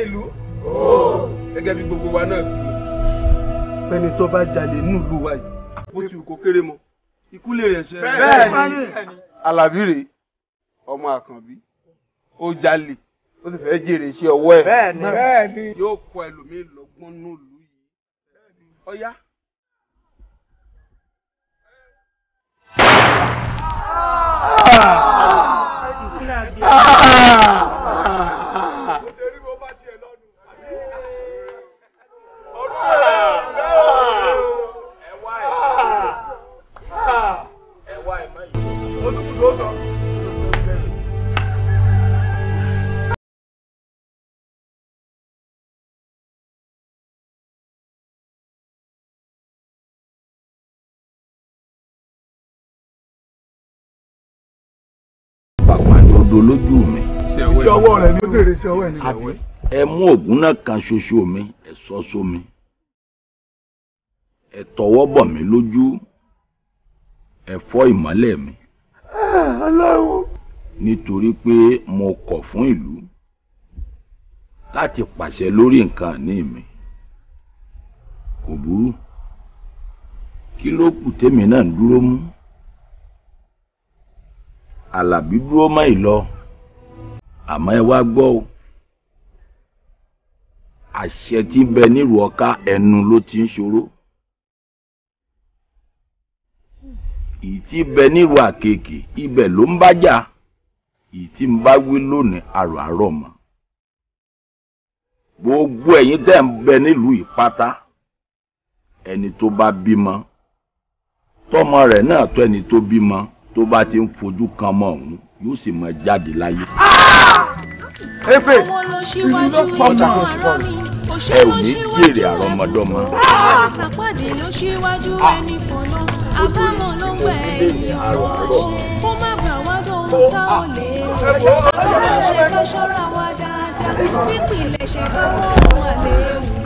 ìlú gẹ́gẹ́ bí gbogbo wa náà ti mọ̀ pẹ́ni tó bá jalè nílùú wa yìí ó ti kó kéré mọ́ ikú lè rẹ̀ ṣe. bẹ́ẹ̀ni alábí rèé ọmọ àkànbí ó jalè ó sì fẹ́ jèrè iṣẹ́ ọwọ́ ẹ̀. bẹ́ẹ̀ni yóò kọ ẹlòmíín lọ́gbọ́n nílùú yìí ọ̀yá. Ah! Ah! odò lójú mi. iṣẹ́ ọwọ́ rẹ̀ ni ó béèrè iṣẹ́ ọwọ́ ẹ̀ ní. ẹ mú ògùn náà kan ṣoṣo mi ẹ sọ so mi ẹ tọwọ́ bọ̀ mí lójú ẹ fọ́ ìmọ́lẹ̀ mi. Ah, ọlọ́run. nítorí pé mo kọ̀ fún ìlú láti pàṣẹ lórí nǹkan àní mi kò burú kí ló kù tèmi náà dúró mú alábí dúró mọ́ ìlọ àmọ́ ẹ wá gbọ́ o àṣẹ tí ń bẹ nílùú ọká ẹnu ló ti ń ṣòro ìyí tí bẹ nílùú àkekè ibẹ̀ ló ń bá jà ìyí tí ń bá wí lónìí àrò àárọ̀ mọ́ gbogbo ẹ̀yin tẹ́ ń bẹ nílùú ìpátá ẹni tó bá bímọ tọmọ rẹ̀ náà tó ẹni tó bímọ tó bá ti ń fojú kan mọ òun yóò sì mọ jáde láyé. àwọn ló ṣíwájú inú ọ̀rọ̀ mi ẹ ò ní jèrè àrọmọdọ́mọ. àpàdé ló ṣíwájú ẹni fọ̀nà àbámọ̀ ló ń gbẹ ẹ̀yìn ọ̀rọ̀ àṣẹ kó má bà wá dóhun tá ò lè rẹ̀. bọ́lá ṣe wa dáadáa pípìlẹ̀ ṣẹ̀dá fún àwọn àlè ewu.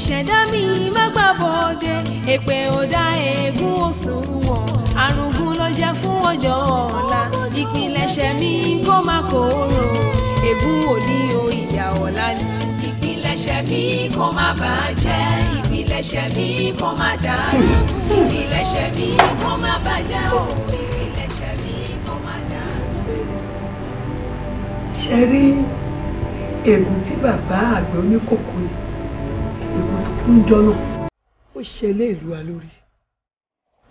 ìṣẹ̀dá mi má gbà bọ́dẹ èpè ọ̀dà eégún òṣùwọ̀n arúgbó ló jẹ́ fún ọjọ́ ọ̀la ìpilẹ̀ṣẹ̀ mi kó má kóró ègún òní o ìyà ọ̀la ni. ìpilẹ̀ṣẹ̀ mi kó má bàjẹ́ ìpilẹ̀ṣẹ̀ mi kó má dàrú ìpilẹ̀ṣẹ̀ mi kó má bàjẹ́ o ṣe rí ègún tí bàbá àgbẹ̀ oníkòkò yìí ìwọ tó kún jọ́nà ó ṣẹlẹ̀ ìlú wa lórí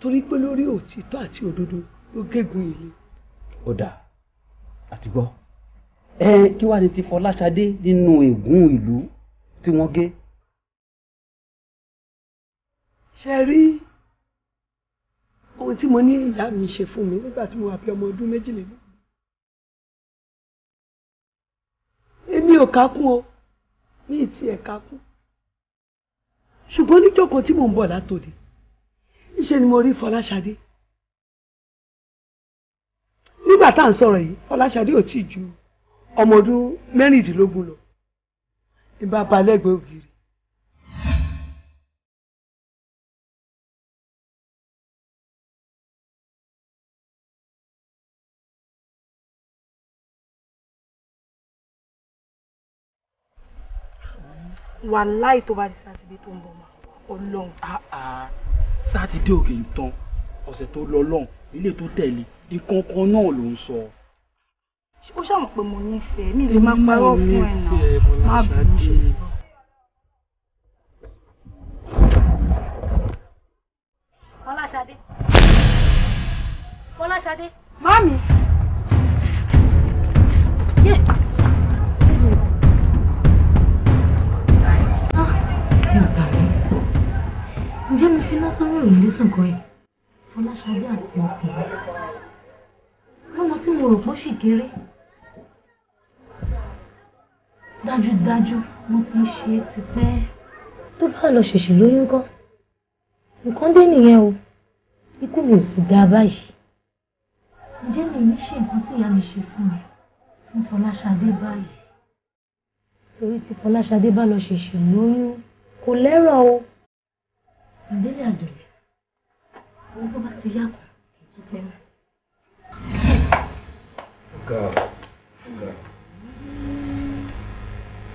torí pé lórí òtítọ́ àti òdodo ló gégùn ilé. ó dáa àti gbọ́ ẹ kí wàá ní ti Fọláṣadé nínú ègún ìlú tí wọ́n gé. ṣe rí ohun tí mo ní ìyá mi ṣe fún mi nígbà tí mo wà bí ọmọ ọdún méjìlélógún. èmi ò kákún o mi ì tiẹ̀ kákún ṣùgbọ́n níjọ́ kan tí mò ń bọ̀ látòde níṣẹ́ ni mo rí Fọláṣadé nígbà tá à ń sọ̀rọ̀ yìí Fọláṣadé ò tí ju ọmọ ọdún mẹ́rìndínlógún lọ ìbá balẹ̀gbẹ́ ògiri wà láì tó bá di sátidé tó ń bọ̀ mọ́ ọlọ́run. Ah, ah. sátidé ò kì í tán ọ̀sẹ̀ tó lọ lọ́hùn ilé tó tẹ̀lé ìkankan náà ló ń sọ. ó ṣàmọ̀ pé mo nífẹ̀ẹ́ mi lè máa parọ́ fún ẹ̀ náà má bínú ṣe ti bọ̀. Fọláṣadé. Fọláṣadé. Mami. Yeah. ǹjẹ́ mo fi iná sórí òrùlé sùn kan yìí fọláṣadé àti ọkùnrin lọ́mọ tí mo rò pé ó ṣì kéré dájúdájú mo ti ń ṣe é tipẹ́ tó bá lọ ṣèṣì lóyún kọ́ nǹkan dé nìyẹn o ikú mi ò sì dáa báyìí ǹjẹ́ mi ní ṣe nǹkan tí ìyá mi ṣe fún mi fún fọláṣadé báyìí torí tí fọláṣadé bá lọ ṣèṣì lóyún kò lẹ́rọ̀ o ìdílé àjọyọ̀ ohun tó bá ti yá kù kì í tún pẹ́ mọ́. ọ̀gá ọ̀gá.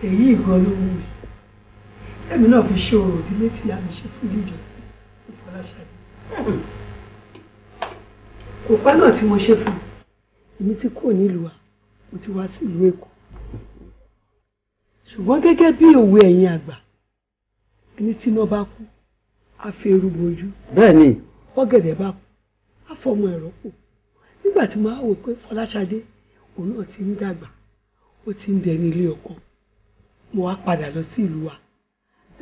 èyí ìgan ló wù mí èmi náà fi ṣe òrò ìdílé tí ìyá mi ṣe fún ilé ìjọsìn ìfọláṣadé kò pẹ́ náà tí wọ́n ṣe fún èmi tí kò nílùú wa mo ti wá sí ìlú èkó ṣùgbọ́n gẹ́gẹ́ bí òwe ẹ̀yin àgbà ẹni tí iná bá kú a fi eru bojú. bẹ́ẹ̀ni. bọ́gẹ̀dẹ̀ bá kú a fọmọ ẹ̀rọ kù nígbà tí mo á wò pé fọláṣadé òun náà ti ń dàgbà ó ti ń dẹni ilé ọkọ mo wá padà lọ sí ìlú wa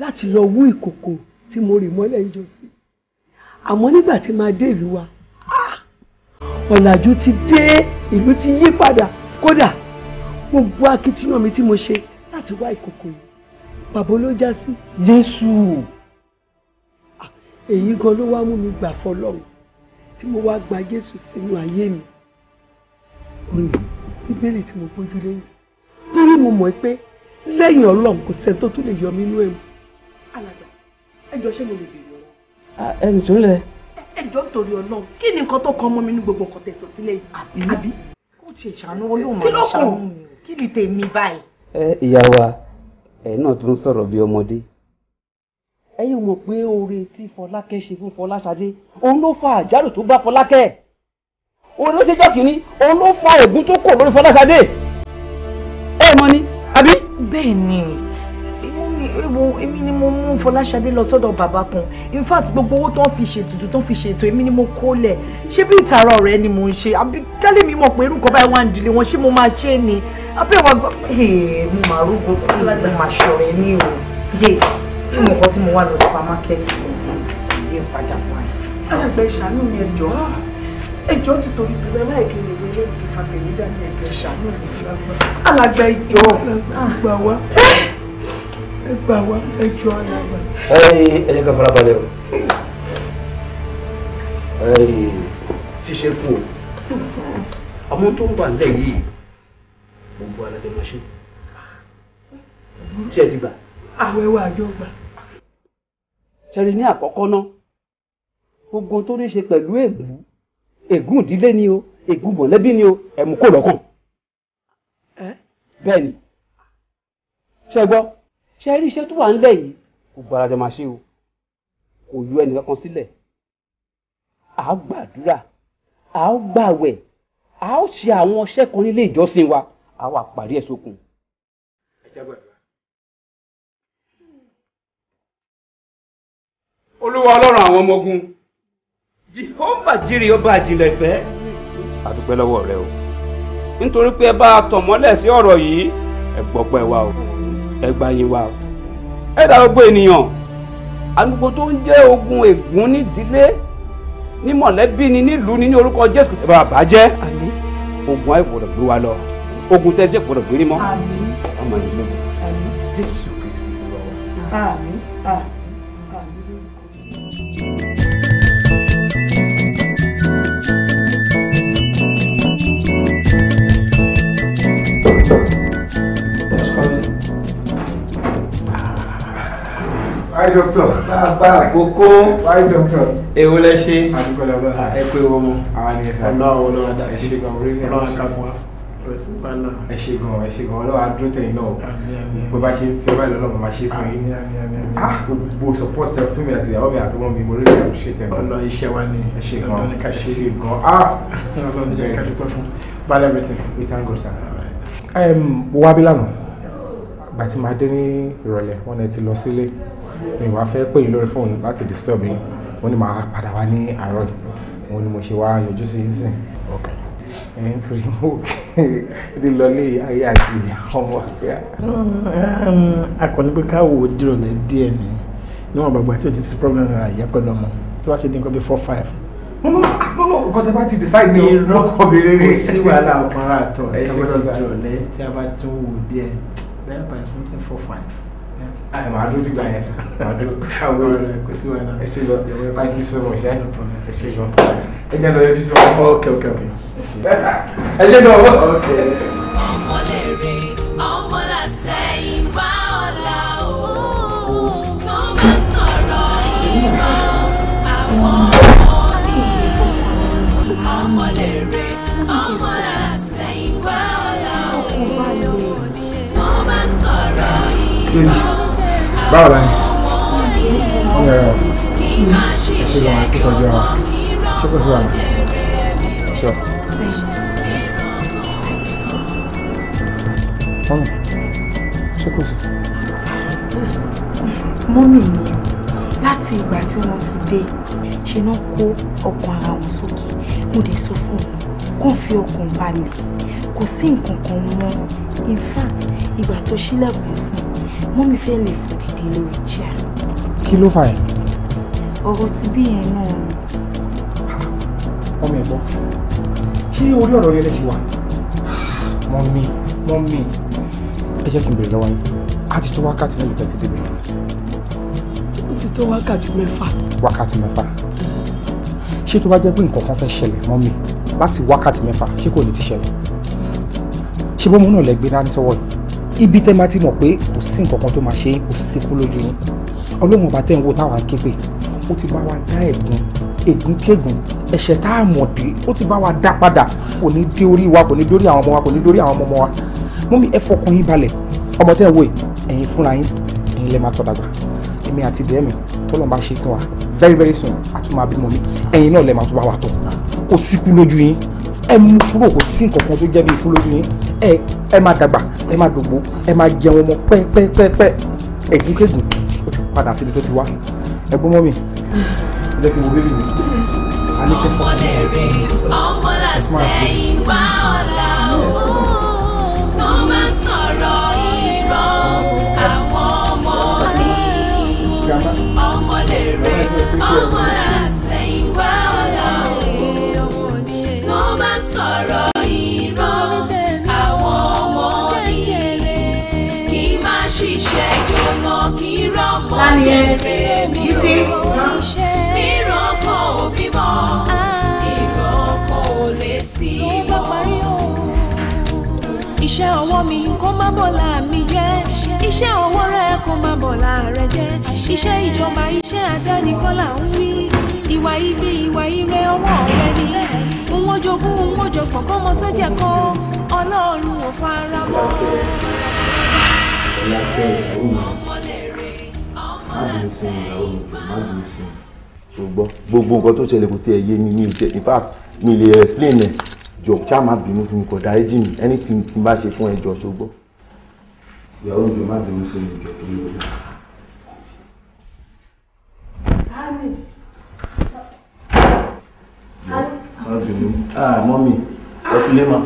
láti lọ wú ìkòkò tí mo rì mọ́lẹ̀ ń jọ sí àmọ́ nígbà tí máa dé ìlú wa ah! ọ̀làjú ti dé ìlú ti yí padà kódà gbogbo akitiyan mi tí mo ṣe láti wá ìkòkò yìí pàbó ló já sí. jésù èyí gan ló wá mú mi gbà fọlọ́run tí mo wá gba Jésù sínú ayé mi òní bíbélì tí mo gbójú lẹ́yìn torí mo mọ̀ pé lẹ́yìn ọlọ́run kò sẹ́ni tó tún lè yọ mí nú ẹ̀ mọ́. alàgbà ẹjọ ṣé mo lè bèrè ọ̀rọ̀. ẹnì tó lẹ. ẹjọ nítorí ọlọ́run kí ni nǹkan tó kọ ọmọ mi ní gbogbo ọkọ tẹsán sílẹ̀ yìí. àbí kò tiẹ̀ ṣàánú ọlọ́run máa ṣàánú mi kí ni tèmi báyìí. ẹ ìyá wa ẹ náà tún sọ̀rọ̀ bí ọmọdé ẹ̀yin mọ̀ pé oore tí fọlákẹ́ ṣe fún fọláṣadé òun ló fa àjálù tó bá fọlákẹ́ òun ló ṣe jọ́kìnní òun ló fa ègún tó kò lórí fọláṣadé ẹ mọ̀ ni àbí. bẹ́ẹ̀ ni èmi ni mo mú fọláṣadé lọ sọ́dọ̀ bàbá kan in fact gbogbo owó tó ń fi ṣètùtù tó ń fi ṣètò èmi ni mo kó lẹ̀ ṣé bí ìtara ọ̀rẹ́ ni mo ń ṣe àbí kálí mi mọ̀ pé irú nǹkan báyìí wà ń dilé wọn ṣé mo máa ṣe ni abẹ́wàá gbọ́ mo máa rúgbó mo máa ṣọ̀rẹ́ ní o kí mo kọ́ tí mo wà lọ supermarket di padà wá yìí. àgbẹ̀ ìṣàánú mi ẹjọ́ ah. ẹjọ́ ti torí torí aláìkí ni ìwé yóò fi fàtẹ̀lé dání ẹgbẹ́ ìṣàánú mi. alàgbà ah, ìjọ gbà wá gbà wá ẹjọ́ alàgbà. ẹ ẹ jẹ́ ká fara balẹ̀ o ṣíṣe kú o àmọ́ tó wà nílẹ̀ yìí mo bu aládé máa ṣe tí ẹ ti gbà. àwẹ̀wò àjọ gbà ṣẹ́rí ní àkọ́kọ́ náà gbogbo tó ní ṣe pẹ̀lú ègún ègún ìdílé ni o ègún mọ̀lẹ́bí ni o ẹ̀mú kò lọ́kàn bẹ́ẹ̀ ni ṣe gbọ́ ṣe rí iṣẹ́ tó wà ńlẹ̀ yìí kò gbàràjọ máa ṣe o kò yọ ẹnìkankan sílẹ̀ à á gbàdúrà à á gbàwẹ̀ à á ṣe àwọn iṣẹ́ kan nílé ìjọsìn wa à á wà ẹ̀ sókun. ẹ jẹ́ gbàdúrà. olúwa ọlọ́run àwọn ọmọ ogun jehova jírí ọba àjìnlẹ̀ ìfẹ́ àdúpẹ́ lọ́wọ́ rẹ o nítorí pé ẹ bá a tàn mọ́lẹ̀ sí ọ̀rọ̀ yìí ẹ gbọ́pẹ́ wa o ẹ gba yín wa o ẹ dá gbogbo ènìyàn àgbègbè tó ń jẹ́ ogun ègún nídìílé ní mọ̀lẹ́bí ni nílùú ni ní orúkọ jésù kìí bá a bàjẹ́ ogun ayé gbọdọ̀ gbé wa lọ ogun tẹ́sí gbọdọ̀ gbérí mọ́ ọmọ ìlú jésù kìí sí lọ. doctor? wáyé dọ́kítọ̀. bàbá àkókò. wáyé dọ́kítọ̀. ewu lẹ ṣe. ẹ kú ewu mu. ọlọ́run ọlọ́run dá sí ọlọ́run ká fún wa ẹ ṣe gan ẹ ṣe gan ọlọ́wà dúró tẹ̀yìn náà bó bá ṣe ń fẹ́ báyìí lọ́lọ́mọ máa ṣe fún yín ah! gbogbo support ẹ fún mi àti ìyàwó mi àtọmọ mi mo rí ìyàwó ṣe tẹ̀ gan. ọlọ iṣẹ́ wa ni ẹ ṣe gan ẹ ṣe gan ah ọlọ́run ní ẹ̀ka lè tọ́ fún balẹ̀ everything. we thank God sir. mo wá bí lánàá gbàtí máa dé ní ìrọ̀lẹ́ wọn ẹ ti lọ sílé mi wá fẹ́ pè yín lórí fóònù láti disturb yín wọ́n ní màá padà wá ní àárọ̀ yìí wọ́n ní mo ṣe wá yọjú sí yín sìn ok ẹ̀yìn tó yẹ mú kí lọ ní ayé àti ọmọ àfíà. akọni pé káwọ dìrò ní díẹ̀ ni níwọ̀n gbàgbà tí o ti sí problem rà yẹ pẹ̀lú ọmọ tí wàá ṣe dín nǹkan bíi four five mọ́mọ́ mọ́mọ́ nǹkan tẹ́ bá ti decide ní ọkọ̀ mi rere. kò sí wàhálà ọkùnrin àtọ̀ ẹ̀ ṣe kọ́sà tí a bá ti tún wò díẹ̀ bẹ́ẹ̀ bá something four five ẹ máa dúró títà yẹn sá máa dúró àwọn ọ̀rẹ́ kò sí wàhálà ẹ ṣe lọ thank you so much ẹ ẹ ṣe lọ ẹ jẹ́ lọ yọjú sí wọn. ok ok ok ẹ ṣe lọ. ọmọ lè rí ọmọ làṣẹ ìwà ọ̀la o tó máa sọ̀rọ̀ ìmọ̀ àwọn ọmọ nìyí ọmọ lè rí ọmọ làṣẹ ìwà ọ̀la o tó máa sọ̀rọ̀ ìmọ̀ báwo la ni wọ́n yẹra o ṣe wọn kí tọ́jú ara ṣé kò sí wà ní ṣọ. mọ́mí ṣé kò sí. mọ́mí ni láti ìgbà tí wọ́n ti dé ṣe náà kó ọkàn ara wọn sókè mo dé sọ fún wọn kó fi ọkàn balẹ̀ kò sí nǹkan kan mọ́ in fact ìgbà tó ṣílẹ̀kùn sí mọ́mì fẹ́ lè fò dìde lórí chair. kí ló fà ẹ́. ọ̀rọ̀ ti bí yẹn náà ni. ọmọ ẹ̀gbọ́n ṣé orí ọ̀rọ̀ yẹn lè ṣe wà. mọ́mì mọ́mì ẹ jẹ́ kí n bèrè lọ́wọ́ yín á ti tó wákàtí mélòó tẹ́tí débi. ó ti tó wákàtí mẹ́fà. wákàtí mẹ́fà ṣé tó bá jẹ́ pé nǹkan kan fẹ́ ṣẹlẹ̀ mọ́mì láti wákàtí mẹ́fà ṣé kò ní ti ṣẹlẹ̀ ṣé bọ́mọ náà lẹ gbé dání sọ́wọ́ yìí ibi tẹ́ máa ti mọ̀ pé kò sí nǹkan kan tó máa ṣe kò sí síkú lójú yín ọlọ́run ọba tẹ́ ń wo táwa képe ó ti bá wa dá ẹ̀gún ègúnkégún ẹ̀ṣẹ̀ tá a mọ̀ dé ó ti bá wa dá padà kò ní dé orí wa kò ní dórí àwọn ọmọ wa kò ní dórí àwọn ọmọ wa mọ́mí ẹ fọkàn yín balẹ̀ ọmọ tẹ́ ń wo ẹ̀yin fúnra yín ẹ̀yin lẹ́ máa tọ́ dàgbà èmi àti dẹ́mi tọ́lọ́ bá ṣe fún wa very very soon a tún máa bímọ mi ẹ̀yin náà lẹ́ máa tún bá wa tọ́ kò síkú lójú yín ẹ mú kúrò kò sí nǹkan kan tó jẹ́ bí ikú lójú yín ẹ ẹ máa dàgbà ẹ máa dògbò ẹ máa jẹun ọmọ pẹ́ẹ́pẹ́ẹ́pẹ́ ẹ̀gúnkẹ́gùn ó ti padà síbi tó ti wá ẹ̀gbọ́n mọ́mì jẹ́ kí n wo bébì mi. ọmọdé rè ọmọdé sẹ́yìn wá ọ̀la òun tó máa sọ̀rọ̀ irọ́ àwọn ọmọ ní ọmọdé rè ọmọdé sẹ́yìn. nìyẹn yìí sí. mìíràn ọkọ ò bímọ ah. ò lè sí mọ. iṣẹ́ ọwọ́ mi kó má bọ̀ láà jẹ́ iṣẹ́ ọwọ́ rẹ kó má bọ̀ láà jẹ́ iṣẹ́ ìjọba iṣẹ́ àdánìkọ́là ń wí ìwà ibi ìwà ire ọwọ́ rẹ ni òun jogún òun jọpọ̀ kọ́mọ tó jẹ́ kọ́ ọlọ́run ò fara mọ́ dùn sí ìyàwó mi kò má dùn sí ṣùgbọ́n gbogbo nǹkan tó ṣẹlẹ̀ kò tiẹ̀ yé mi mi ìtẹ̀ in fact mi lè explain ẹ̀ jọ ṣá má bínú fún mi kò dáríjì mi anything tí n bá ṣe fún ẹ jọ ṣùgbọ́n. ìyàwó mi má bínú sí mi jọ tó yẹ wọ́n. má bínú ah mọ́mì ẹ fi lé ma.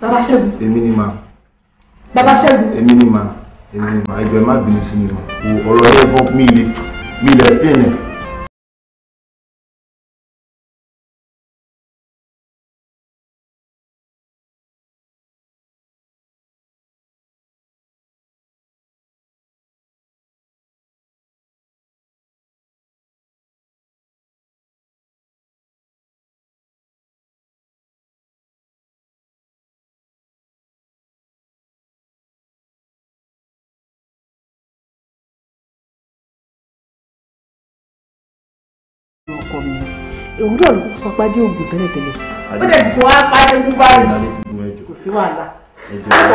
bàbá ṣẹ́gun. èmi ni ma. bàbá èmi ni ma èmi màá jọ ẹ má bínú sí mi o ọ̀rọ̀ yẹn bọ́ mi lè mi lè explain ẹ̀. òun náà ló sọ pé dé oògùn tẹ́lẹ̀ tẹ́lẹ̀ ó dẹ̀ ti wá parí ojú báyìí kò sí wàhálà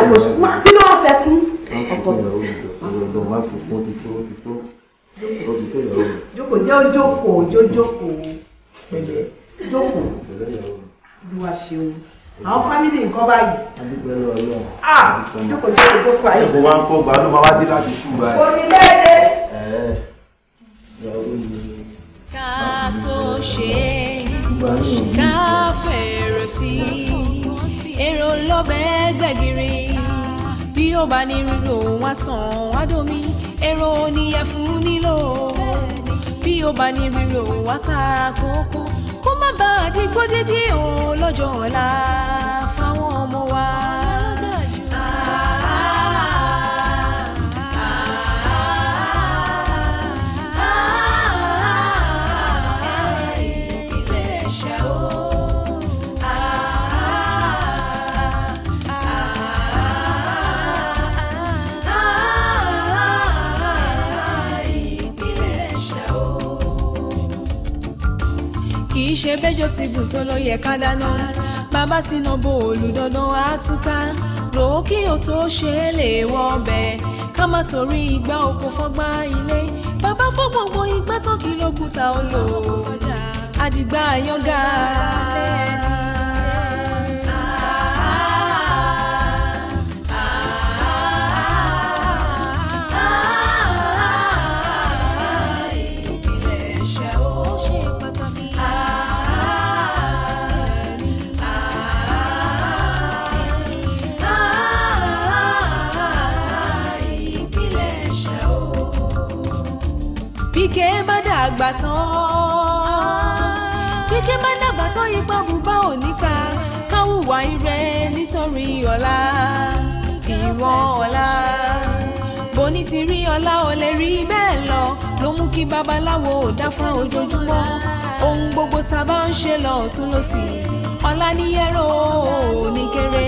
ọ̀pọ̀ òṣùpá kí ló wá fẹ́ kún ọ̀pọ̀ jókòó jẹ́ ojókòó ojójókòó pẹ̀lẹ́ jókòó olúwa ṣeun àwọn fámìlì nǹkan báyìí. jókòó jẹ́ ojókòó ayé. ẹ̀kọ́ wa ń kọ́ gbàdúrà wá dé láti ṣùgbọ́n ká tó ṣe ká fèrò sí èrò lọ́bẹ̀ gbẹ̀gìrì bí ó bá ní rírò wá sàn wá domi èrò kó má bàa di gbódídí o lọ́jọ́ ọ̀la fáwọn ọmọ wa. ṣe bẹ́jọ́ ti dùn tó ló yẹ ká dáná bàbá Tinubu olùdandan àtúká rò ó kí o tó ṣe é lè wọ ọbẹ̀ ká má torí ìgbà oko fọ́gbá ilé bàbá fọ́gbọ̀ngbọ̀ ìgbà tán kí ló ó lò ó àdìgbà àyànga lẹ́nu. dàgbà tán. kíkẹ́ bá dàgbà tán ipa bùbá ò níka káwùwà irẹ nítorí ọ̀la ìwọ̀n ọ̀la. boni ti rí ọlá ò lè rí bẹ́ẹ̀ lọ ló mú kí babaláwo ò dáfá ojoojúmọ́ ohun gbogbo tá a bá ń ṣe lọ ọ̀tún lọ́sì ọ̀la níyẹ́rọ̀ ò kéré.